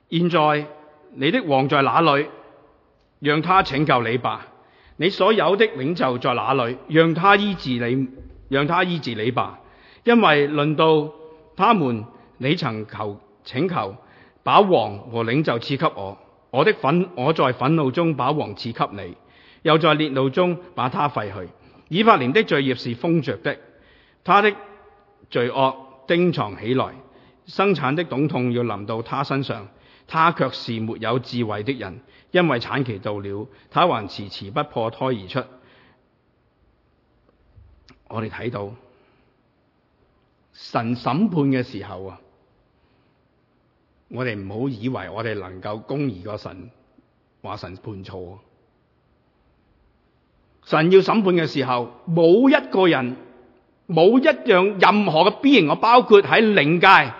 現在你的王在哪裏？讓他拯救你吧。你所有的領袖在哪裏？讓他醫治你，讓他醫治你吧。因為論到他們，你曾求請求，把王和領袖賜給我，我的憤，我在憤怒中把王賜給你，又在烈怒中把他廢去。以法蓮的罪孽是封着的，他的罪惡丁藏起來，生產的疼痛要臨到他身上，他卻是沒有智慧的人，因為產期到了，他還遲遲不破胎而出。我哋睇到神審判嘅時候啊！我哋唔好以為我哋能夠公義個神，話神判錯。神要審判嘅時候，冇一個人、冇一樣、任何嘅 B 型，我包括喺靈界、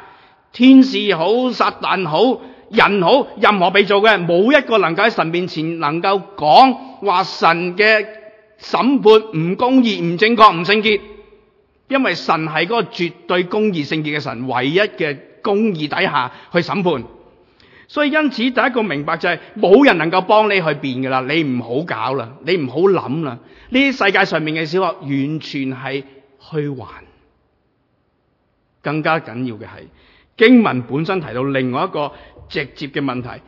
天使好、撒旦好、人好，任何被造嘅，冇一個能夠喺神面前能夠講話神嘅審判唔公義、唔正確、唔聖潔，因為神係嗰個絕對公義聖潔嘅神，唯一嘅。公義底下去審判，所以因此第一個明白就係冇人能夠幫你去辯噶啦，你唔好搞啦，你唔好諗啦。呢世界上面嘅小學完全係虛幻。更加緊要嘅係經文本身提到另外一個直接嘅問題：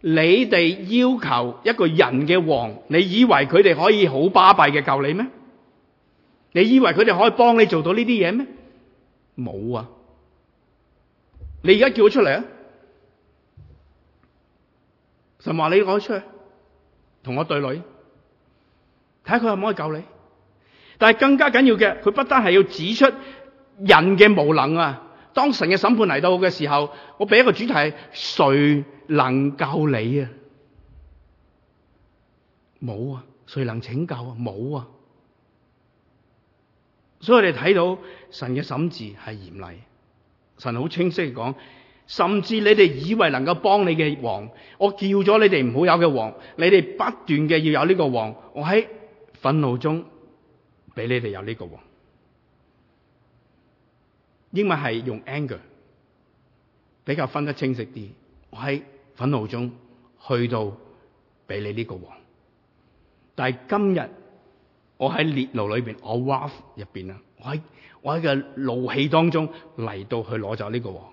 你哋要求一個人嘅王，你以為佢哋可以好巴閉嘅救你咩？你以為佢哋可以幫你做到呢啲嘢咩？冇啊！你而家叫佢出嚟啊！神話你講出嚟，同我對壘，睇下佢可唔可以救你？但係更加緊要嘅，佢不單係要指出人嘅無能啊！當神嘅審判嚟到嘅時候，我俾一個主題：誰能救你啊？冇啊，誰能拯救啊？冇啊！所以我哋睇到神嘅審判係嚴厲。神好清晰講，甚至你哋以為能夠幫你嘅王，我叫咗你哋唔好有嘅王，你哋不斷嘅要有呢個王，我喺憤怒中俾你哋有呢個王。英文係用 anger，比較分得清晰啲。我喺憤怒中去到俾你呢個王，但係今日。我喺烈怒裏邊，我 wrath 入邊啊。我喺我喺嘅怒氣當中嚟到去攞走呢個王。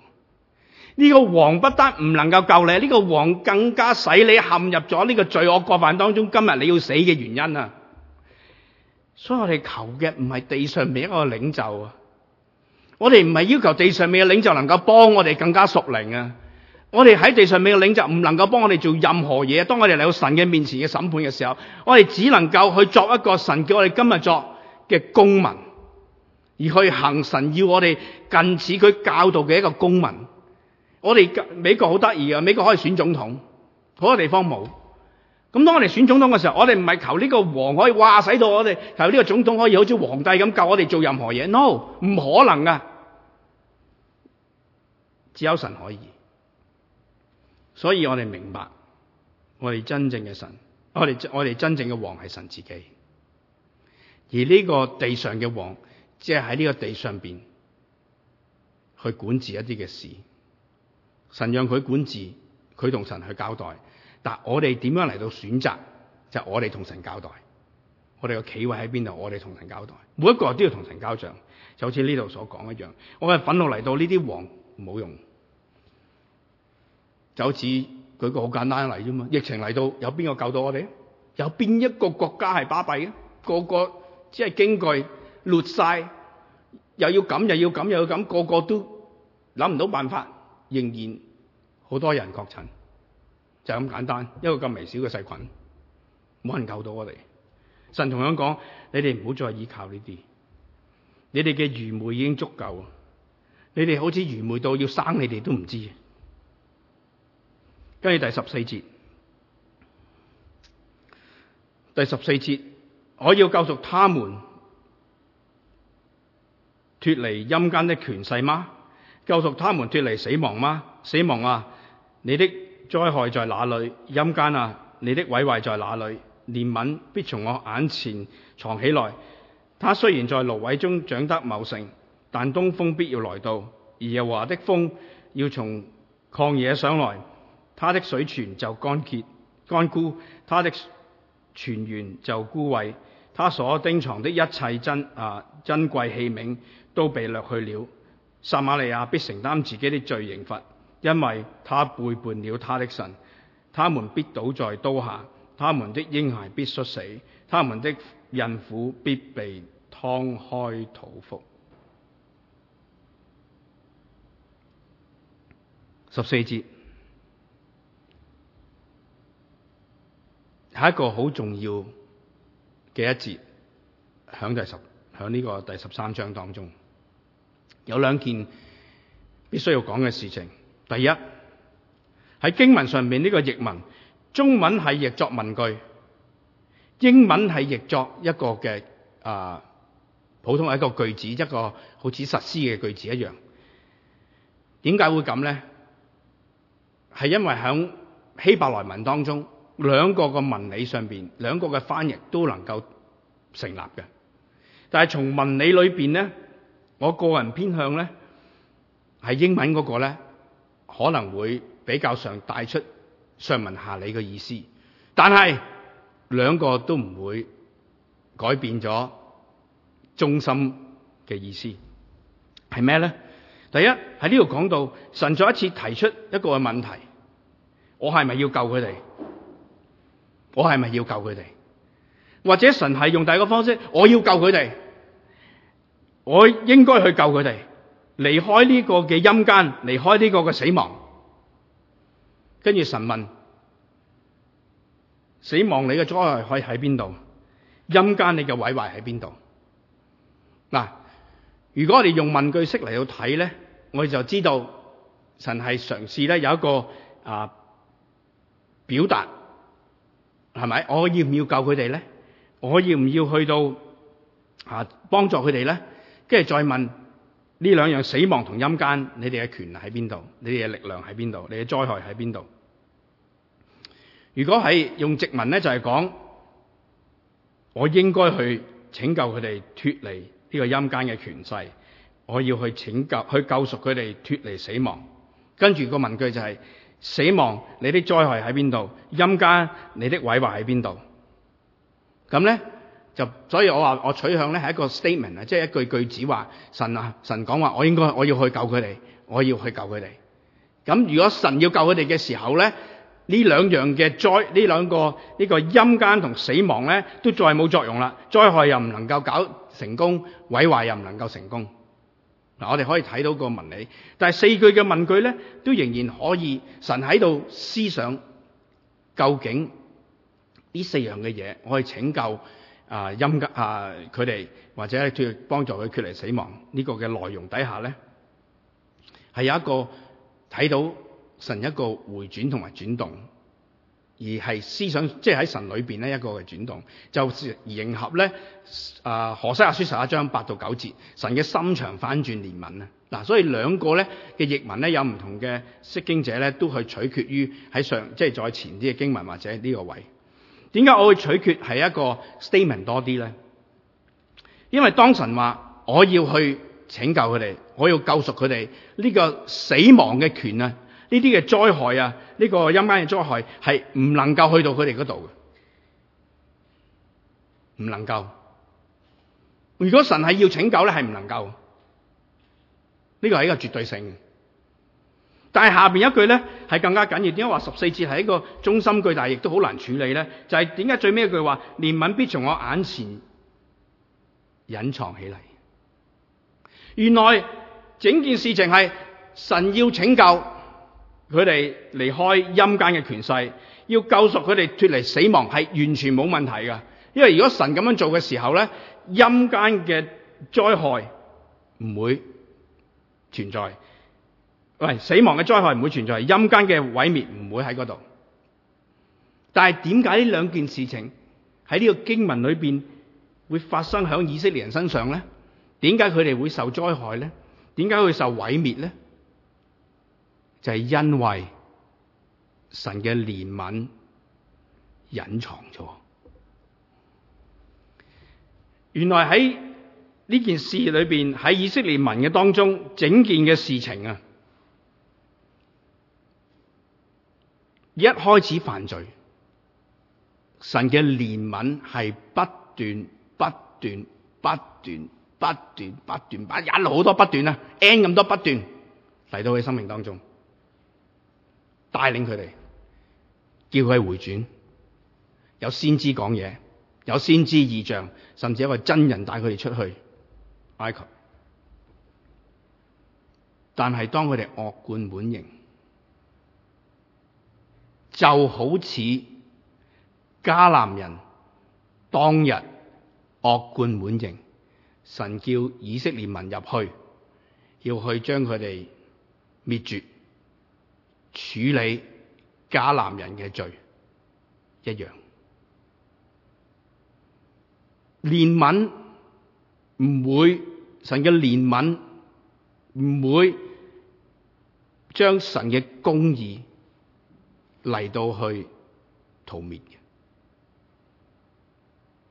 呢個王不但唔能夠救你，呢個王更加使你陷入咗呢個罪惡過犯當中。今日你要死嘅原因啊！所以我哋求嘅唔係地上面一個領袖啊，我哋唔係要求地上面嘅領袖能夠幫我哋更加屬靈啊。我哋喺地上面嘅領袖唔能夠幫我哋做任何嘢。當我哋嚟到神嘅面前嘅審判嘅時候，我哋只能夠去作一個神叫我哋今日作嘅公民，而去行神要我哋近似佢教導嘅一個公民。我哋美國好得意啊，美國可以選總統，好多地方冇。咁當我哋選總統嘅時候，我哋唔係求呢個王可以話使到我哋求呢個總統可以好似皇帝咁教我哋做任何嘢。No，唔可能啊。只有神可以。所以我哋明白，我哋真正嘅神，我哋我哋真正嘅王係神自己，而呢個地上嘅王，即係喺呢個地上邊去管治一啲嘅事，神讓佢管治，佢同神去交代。但我哋點樣嚟到選擇，就係我哋同神交代，我哋嘅企位喺邊度，我哋同神交代，每一個人都要同神交賬，就好似呢度所講一樣，我嘅憤怒嚟到呢啲王冇用。就好似舉個好簡單嘅例啫嘛，疫情嚟到，有邊個救到我哋？有邊一個國家係巴閉嘅？個個只係驚懼、亂晒，又要咁又要咁又要咁，個個都諗唔到辦法，仍然好多人確診，就咁簡單。一個咁微小嘅細菌，冇人救到我哋。神同樣講：你哋唔好再依靠呢啲，你哋嘅愚昧已經足夠。你哋好似愚昧到要生你哋都唔知。跟住第十四節，第十四節，我要救贖他們脫離陰間的權勢嗎？救贖他們脫離死亡嗎？死亡啊！你的災害在哪裏？陰間啊！你的毀壞在哪裏？憐憫必從我眼前藏起來。他雖然在蘆葦中長得茂盛，但東風必要來到，而耶和華的風要從曠野上來。他的水泉就乾竭乾枯，他的泉源就枯萎，他所丁藏的一切啊珍啊珍貴器皿都被掠去了。撒瑪利亞必承擔自己的罪刑罰，因為他背叛了他的神。他們必倒在刀下，他們的嬰孩必摔死，他們的孕婦必被劏開肚腹。十四節。係一個好重要嘅一節，響第十響呢個第十三章當中，有兩件必須要講嘅事情。第一，喺經文上面呢個譯文，中文係譯作問句，英文係譯作一個嘅啊普通一個句子，一個好似實施嘅句子一樣。點解會咁咧？係因為喺希伯來文當中。兩個嘅文理上邊，兩個嘅翻譯都能夠成立嘅。但係從文理裏邊呢，我個人偏向呢係英文嗰個呢可能會比較常帶出上文下理嘅意思。但係兩個都唔會改變咗中心嘅意思係咩呢？第一喺呢度講到神再一次提出一個嘅問題：我係咪要救佢哋？我係咪要救佢哋？或者神係用第二個方式，我要救佢哋，我應該去救佢哋，離開呢個嘅陰間，離開呢個嘅死亡。跟住神問：死亡你嘅災害係喺邊度？陰間你嘅毀壞喺邊度？嗱，如果我哋用問句式嚟到睇咧，我就知道神係嘗試咧有一個啊表達。係咪？我要唔要救佢哋呢？我要唔要去到啊幫助佢哋呢？跟住再問呢兩樣死亡同陰間，你哋嘅權喺邊度？你哋嘅力量喺邊度？你嘅災害喺邊度？如果係用直文呢，就係講我應該去拯救佢哋脱離呢個陰間嘅權勢，我要去拯救去救贖佢哋脱離死亡。跟住個問句就係。死亡，你的災害喺邊度？陰間，你的毀壞喺邊度？咁咧就，所以我話我取向咧係一個 statement 啊，即係一句句子話：神啊，神講話，我應該我要去救佢哋，我要去救佢哋。咁如果神要救佢哋嘅時候咧，呢兩樣嘅災，呢兩個呢個陰間同死亡咧，都再冇作用啦。災害又唔能夠搞成功，毀壞又唔能夠成功。我哋可以睇到個文理，但係四句嘅問句咧，都仍然可以神喺度思想，究竟呢四樣嘅嘢，我去拯救啊陰啊佢哋，或者去幫助佢脫離死亡呢個嘅內容底下咧，係有一個睇到神一個回轉同埋轉動。而係思想，即係喺神裏邊咧一個嘅轉動，就是、迎合咧啊何西阿書十一章八到九節，神嘅心腸反轉憐憫啊！嗱，所以兩個咧嘅譯文咧有唔同嘅釋經者咧都係取決於喺上即係再前啲嘅經文或者呢個位。點解我會取決係一個 statement 多啲咧？因為當神話我要去拯救佢哋，我要救贖佢哋呢個死亡嘅權啊！呢啲嘅災害啊，呢個陰間嘅災害係唔能夠去到佢哋嗰度嘅，唔能夠。如果神係要拯救咧，係唔能夠。呢個係一個絕對性嘅。但係下邊一句咧係更加緊要，點解話十四節係一個中心句，但係亦都好難處理咧？就係點解最尾一句話，憐憫必從我眼前隱藏起嚟。原來整件事情係神要拯救。佢哋離開陰間嘅權勢，要救贖佢哋脫離死亡係完全冇問題嘅，因為如果神咁樣做嘅時候咧，陰間嘅災害唔會存在，唔係死亡嘅災害唔會存在，陰間嘅毀滅唔會喺嗰度。但係點解呢兩件事情喺呢個經文裏邊會發生喺以色列人身上咧？點解佢哋會受災害咧？點解會受毀滅咧？就係因為神嘅憐憫隱藏咗，原來喺呢件事裏邊喺以色列民嘅當中，整件嘅事情啊，一開始犯罪，神嘅憐憫係不斷、不斷、不斷、不斷、不斷、不斷，一路好多不斷啊，n 咁多不斷嚟到佢生命當中。帶領佢哋，叫佢回轉，有先知講嘢，有先知異象，甚至一位真人帶佢哋出去埃及。但係當佢哋惡貫滿盈，就好似迦南人當日惡貫滿盈，神叫以色列民入去，要去將佢哋滅絕。處理迦南人嘅罪一樣，憐憫唔會，神嘅憐憫唔會將神嘅公義嚟到去屠滅嘅。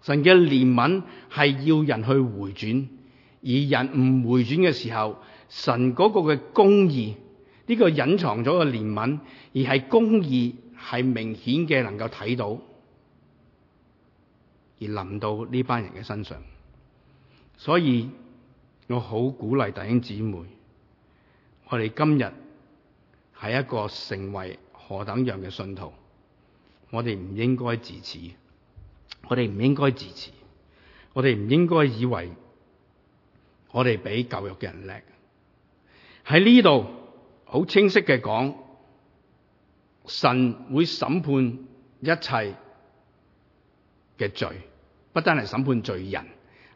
神嘅憐憫係要人去回轉，而人唔回轉嘅時候，神嗰個嘅公義。呢個隱藏咗嘅憐憫，而係公義係明顯嘅，能夠睇到而臨到呢班人嘅身上。所以我好鼓勵弟兄姊妹，我哋今日係一個成為何等樣嘅信徒，我哋唔應該自恃，我哋唔應該自恃，我哋唔應該以為我哋比舊約嘅人叻喺呢度。好清晰嘅講，神會審判一切嘅罪，不單係審判罪人，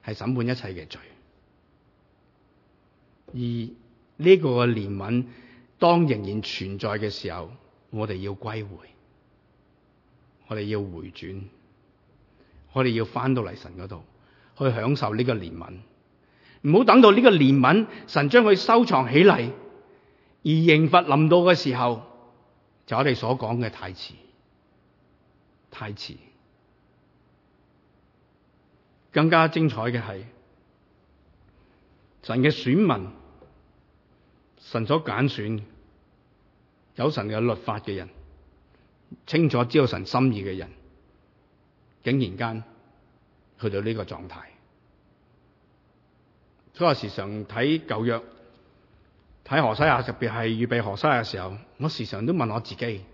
係審判一切嘅罪。而呢個嘅憐憫，當仍然存在嘅時候，我哋要歸回，我哋要回轉，我哋要翻到嚟神嗰度去享受呢個憐憫。唔好等到呢個憐憫，神將佢收藏起嚟。而刑罰臨到嘅時候，就我哋所講嘅太遲，太遲。更加精彩嘅係，神嘅選民，神所揀選，有神嘅律法嘅人，清楚知道神心意嘅人，竟然間去到呢個狀態。所以我時常睇舊約。喺何西阿，特別係預備何西阿嘅時候，我時常都問我自己：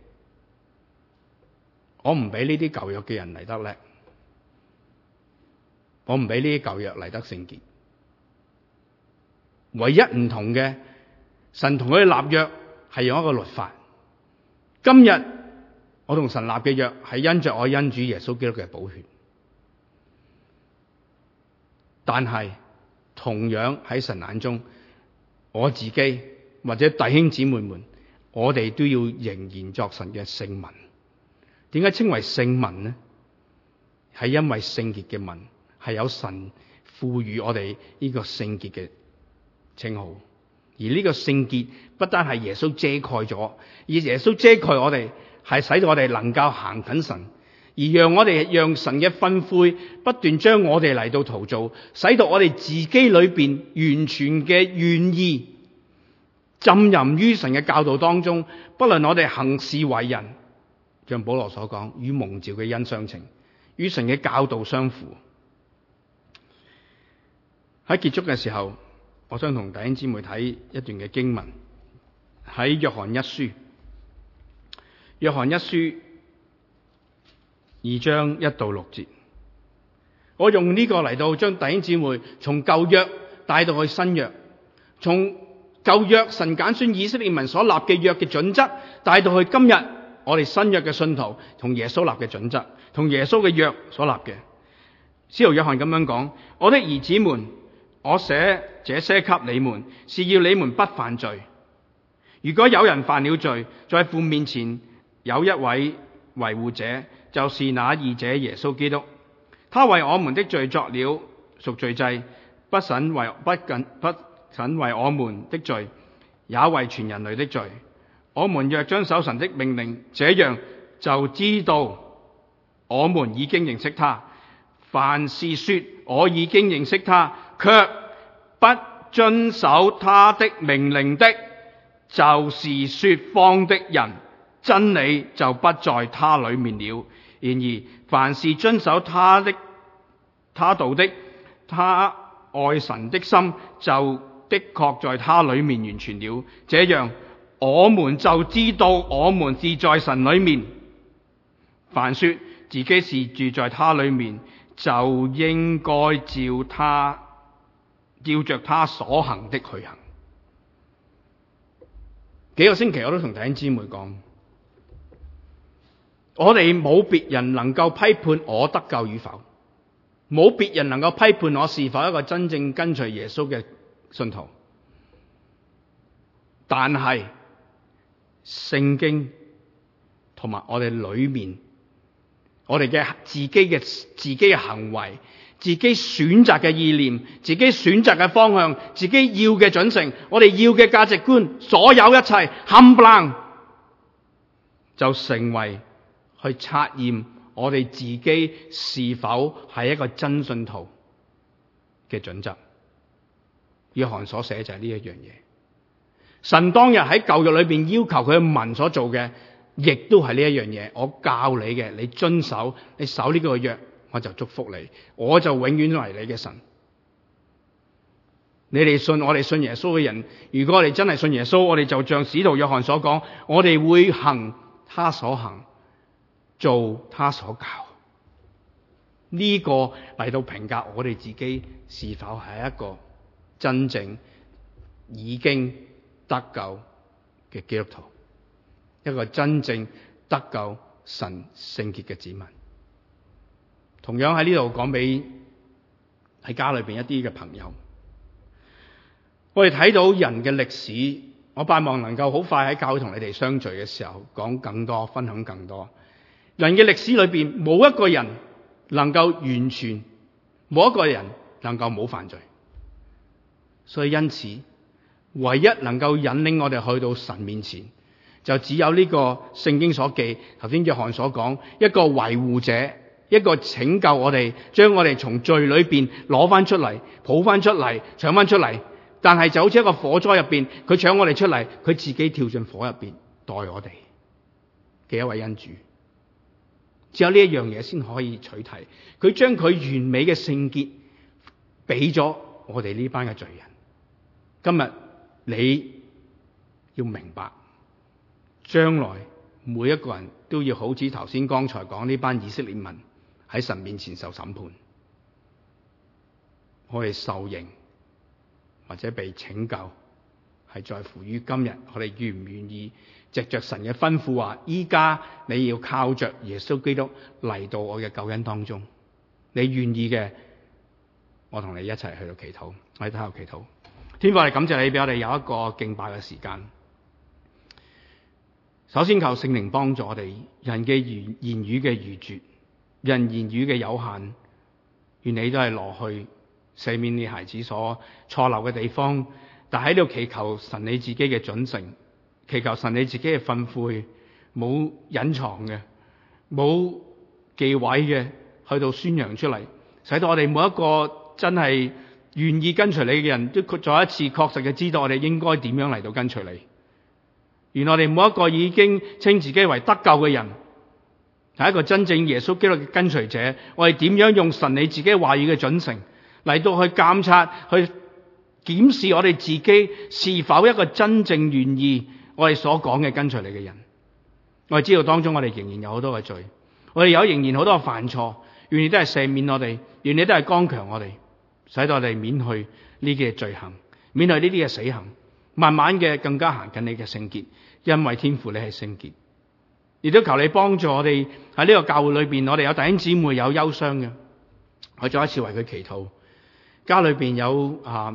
我唔俾呢啲舊約嘅人嚟得叻我唔俾呢啲舊約嚟得聖潔唯一唔同嘅，神同佢立約係用一個律法。今日我同神立嘅約係因着我因主耶穌基督嘅寶血，但係同樣喺神眼中。我自己或者弟兄姊妹們，我哋都要仍然作神嘅聖民。點解稱為聖民呢？係因為聖潔嘅民係有神賦予我哋呢個聖潔嘅稱號。而呢個聖潔不單係耶穌遮蓋咗，而耶穌遮蓋我哋，係使到我哋能夠行緊神。而讓我哋讓神一分灰，不斷將我哋嚟到陶造，使到我哋自己裏邊完全嘅願意浸淫於神嘅教導當中，不論我哋行事為人，像保羅所講，與蒙召嘅恩相稱，與神嘅教導相符。喺結束嘅時候，我想同弟兄姊妹睇一段嘅經文，喺約翰一書，約翰一書。二章一到六節，我用呢個嚟到將弟兄姊妹從舊約帶到去新約，從舊約神揀選以色列民所立嘅約嘅準則，帶到去今日我哋新約嘅信徒同耶穌立嘅準則，同耶穌嘅約所立嘅。使徒約翰咁樣講：我的兒子們，我寫這些給你們，是要你們不犯罪。如果有人犯了罪，在父面前有一位維護者。就是那義者，耶穌基督，他為我們的罪作了贖罪祭，不僅為不僅不僅為我們的罪，也為全人類的罪。我們若遵守神的命令，這樣就知道我們已經認識他。凡是說我已經認識他，却不遵守他的命令的，就是說謊的人，真理就不在他裏面了。然而，凡是遵守他的、他道的、他愛神的心，就的確在他裏面完全了。這樣，我們就知道我們是在神裏面。凡說自己是住在他裏面，就應該照他，照着他所行的去行。幾個星期我都同弟兄姊妹講。我哋冇別人能夠批判我得救與否，冇別人能夠批判我是否一個真正跟隨耶穌嘅信徒。但係聖經同埋我哋裏面，我哋嘅自己嘅自己嘅行為、自己選擇嘅意念、自己選擇嘅方向、自己要嘅準繩、我哋要嘅價值觀，所有一切冚唪唥就成為。去測驗我哋自己是否係一個真信徒嘅準則。約翰所寫就係呢一樣嘢。神當日喺舊約裏邊要求佢嘅民所做嘅，亦都係呢一樣嘢。我教你嘅，你遵守，你守呢個約，我就祝福你，我就永遠都係你嘅神。你哋信我哋信耶穌嘅人，如果我哋真係信耶穌，我哋就像使徒約翰所講，我哋會行他所行，做他所教，呢個嚟，到評價我哋自己是否係一個真正已經得救嘅基督徒，一個真正得救、神聖潔嘅子民。同樣喺呢度講俾喺家裏邊一啲嘅朋友，我哋睇到人嘅歷史，我盼望能夠好快喺教會同你哋相聚嘅時候，講更多，分享更多。人嘅歷史裏邊，冇一個人能夠完全，冇一個人能夠冇犯罪。所以因此，唯一能夠引領我哋去到神面前，就只有呢個聖經所記，頭先約翰所講一個維護者，一個拯救我哋，將我哋從罪裏邊攞翻出嚟，抱翻出嚟，搶翻出嚟。但係就好似一個火災入邊，佢搶我哋出嚟，佢自己跳進火入邊代我哋嘅一位恩主。只有呢一樣嘢先可以取替佢，將佢完美嘅聖潔俾咗我哋呢班嘅罪人。今日你要明白，將來每一個人都要好似頭先剛才講呢班以色列民喺神面前受審判，我哋受刑或者被拯救，係在乎於今日，我哋願唔願意？藉着神嘅吩咐話，依家你要靠着耶穌基督嚟到我嘅救恩當中，你願意嘅，我同你一齊去到祈禱，我喺度祈禱。天父，我哋感謝你俾我哋有一個敬拜嘅時間。首先求聖靈幫助我哋，人嘅言言語嘅愚拙，人言語嘅有限，願你都係落去赦免你孩子所錯漏嘅地方，但喺度祈求神你自己嘅準成。祈求神你自己嘅訓誨，冇隱藏嘅，冇忌諱嘅，去到宣揚出嚟，使到我哋每一個真係願意跟隨你嘅人都再一次確實嘅知道我哋應該點樣嚟到跟隨你。原來我哋每一個已經稱自己為得救嘅人，係一個真正耶穌基督嘅跟隨者。我哋點樣用神你自己話語嘅準繩嚟到去監察、去檢視我哋自己是否一個真正願意？我哋所講嘅跟隨你嘅人，我哋知道當中我哋仍然有好多嘅罪，我哋有仍然好多嘅犯錯，原嚟都係赦免我哋，原嚟都係剛強我哋，使到我哋免去呢啲嘅罪行，免去呢啲嘅死行，慢慢嘅更加行近你嘅聖潔，因為天父你係聖潔，亦都求你幫助我哋喺呢個教會裏邊，我哋有弟兄姊妹有憂傷嘅，我再一次為佢祈禱，家裏邊有啊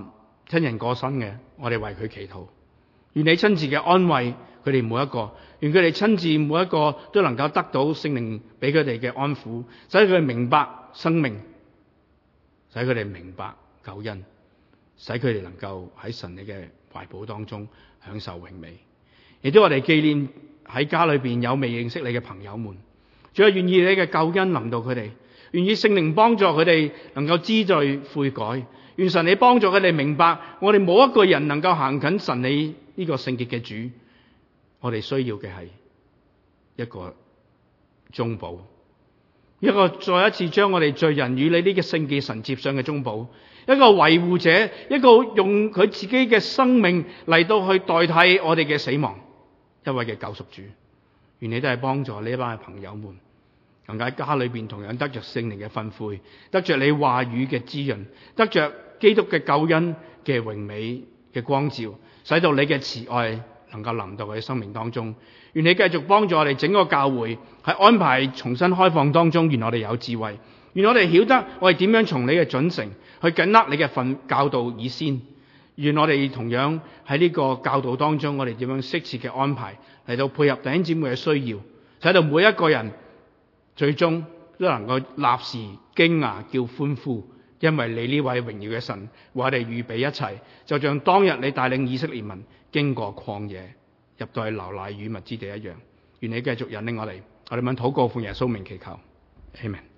親人過身嘅，我哋為佢祈禱。願你親自嘅安慰佢哋每一個，願佢哋親自每一個都能夠得到聖靈俾佢哋嘅安撫，使佢哋明白生命，使佢哋明白救恩，使佢哋能夠喺神你嘅懷抱當中享受榮美。亦都我哋紀念喺家裏邊有未認識你嘅朋友們，主啊，願意你嘅救恩臨到佢哋，願意聖靈幫助佢哋能夠知罪悔改，願神你幫助佢哋明白，我哋冇一個人能夠行緊神你。呢個聖潔嘅主，我哋需要嘅係一個中保，一個再一次將我哋罪人與你呢個聖潔神接上嘅中保，一個維護者，一個用佢自己嘅生命嚟到去代替我哋嘅死亡。一位嘅救贖主，願你都係幫助呢一班嘅朋友們，同埋家裏邊同樣得着聖靈嘅吩咐，得着你話語嘅滋潤，得着基督嘅救恩嘅榮美嘅光照。使到你嘅慈愛能夠臨到佢嘅生命當中，願你繼續幫助我哋整個教會喺安排重新開放當中，願我哋有智慧，願我哋曉得我哋點樣從你嘅準繩去緊握你嘅訓教導以先，願我哋同樣喺呢個教導當中，我哋點樣適時嘅安排嚟到配合弟兄姊妹嘅需要，使到每一個人最終都能夠立時驚訝叫歡呼。因為你呢位榮耀嘅神，為我哋預備一切，就像當日你帶領以色列民經過曠野，入到去流奶與蜜之地一樣，願你繼續引領我哋，我哋問禱告奉耶穌名祈求，阿門。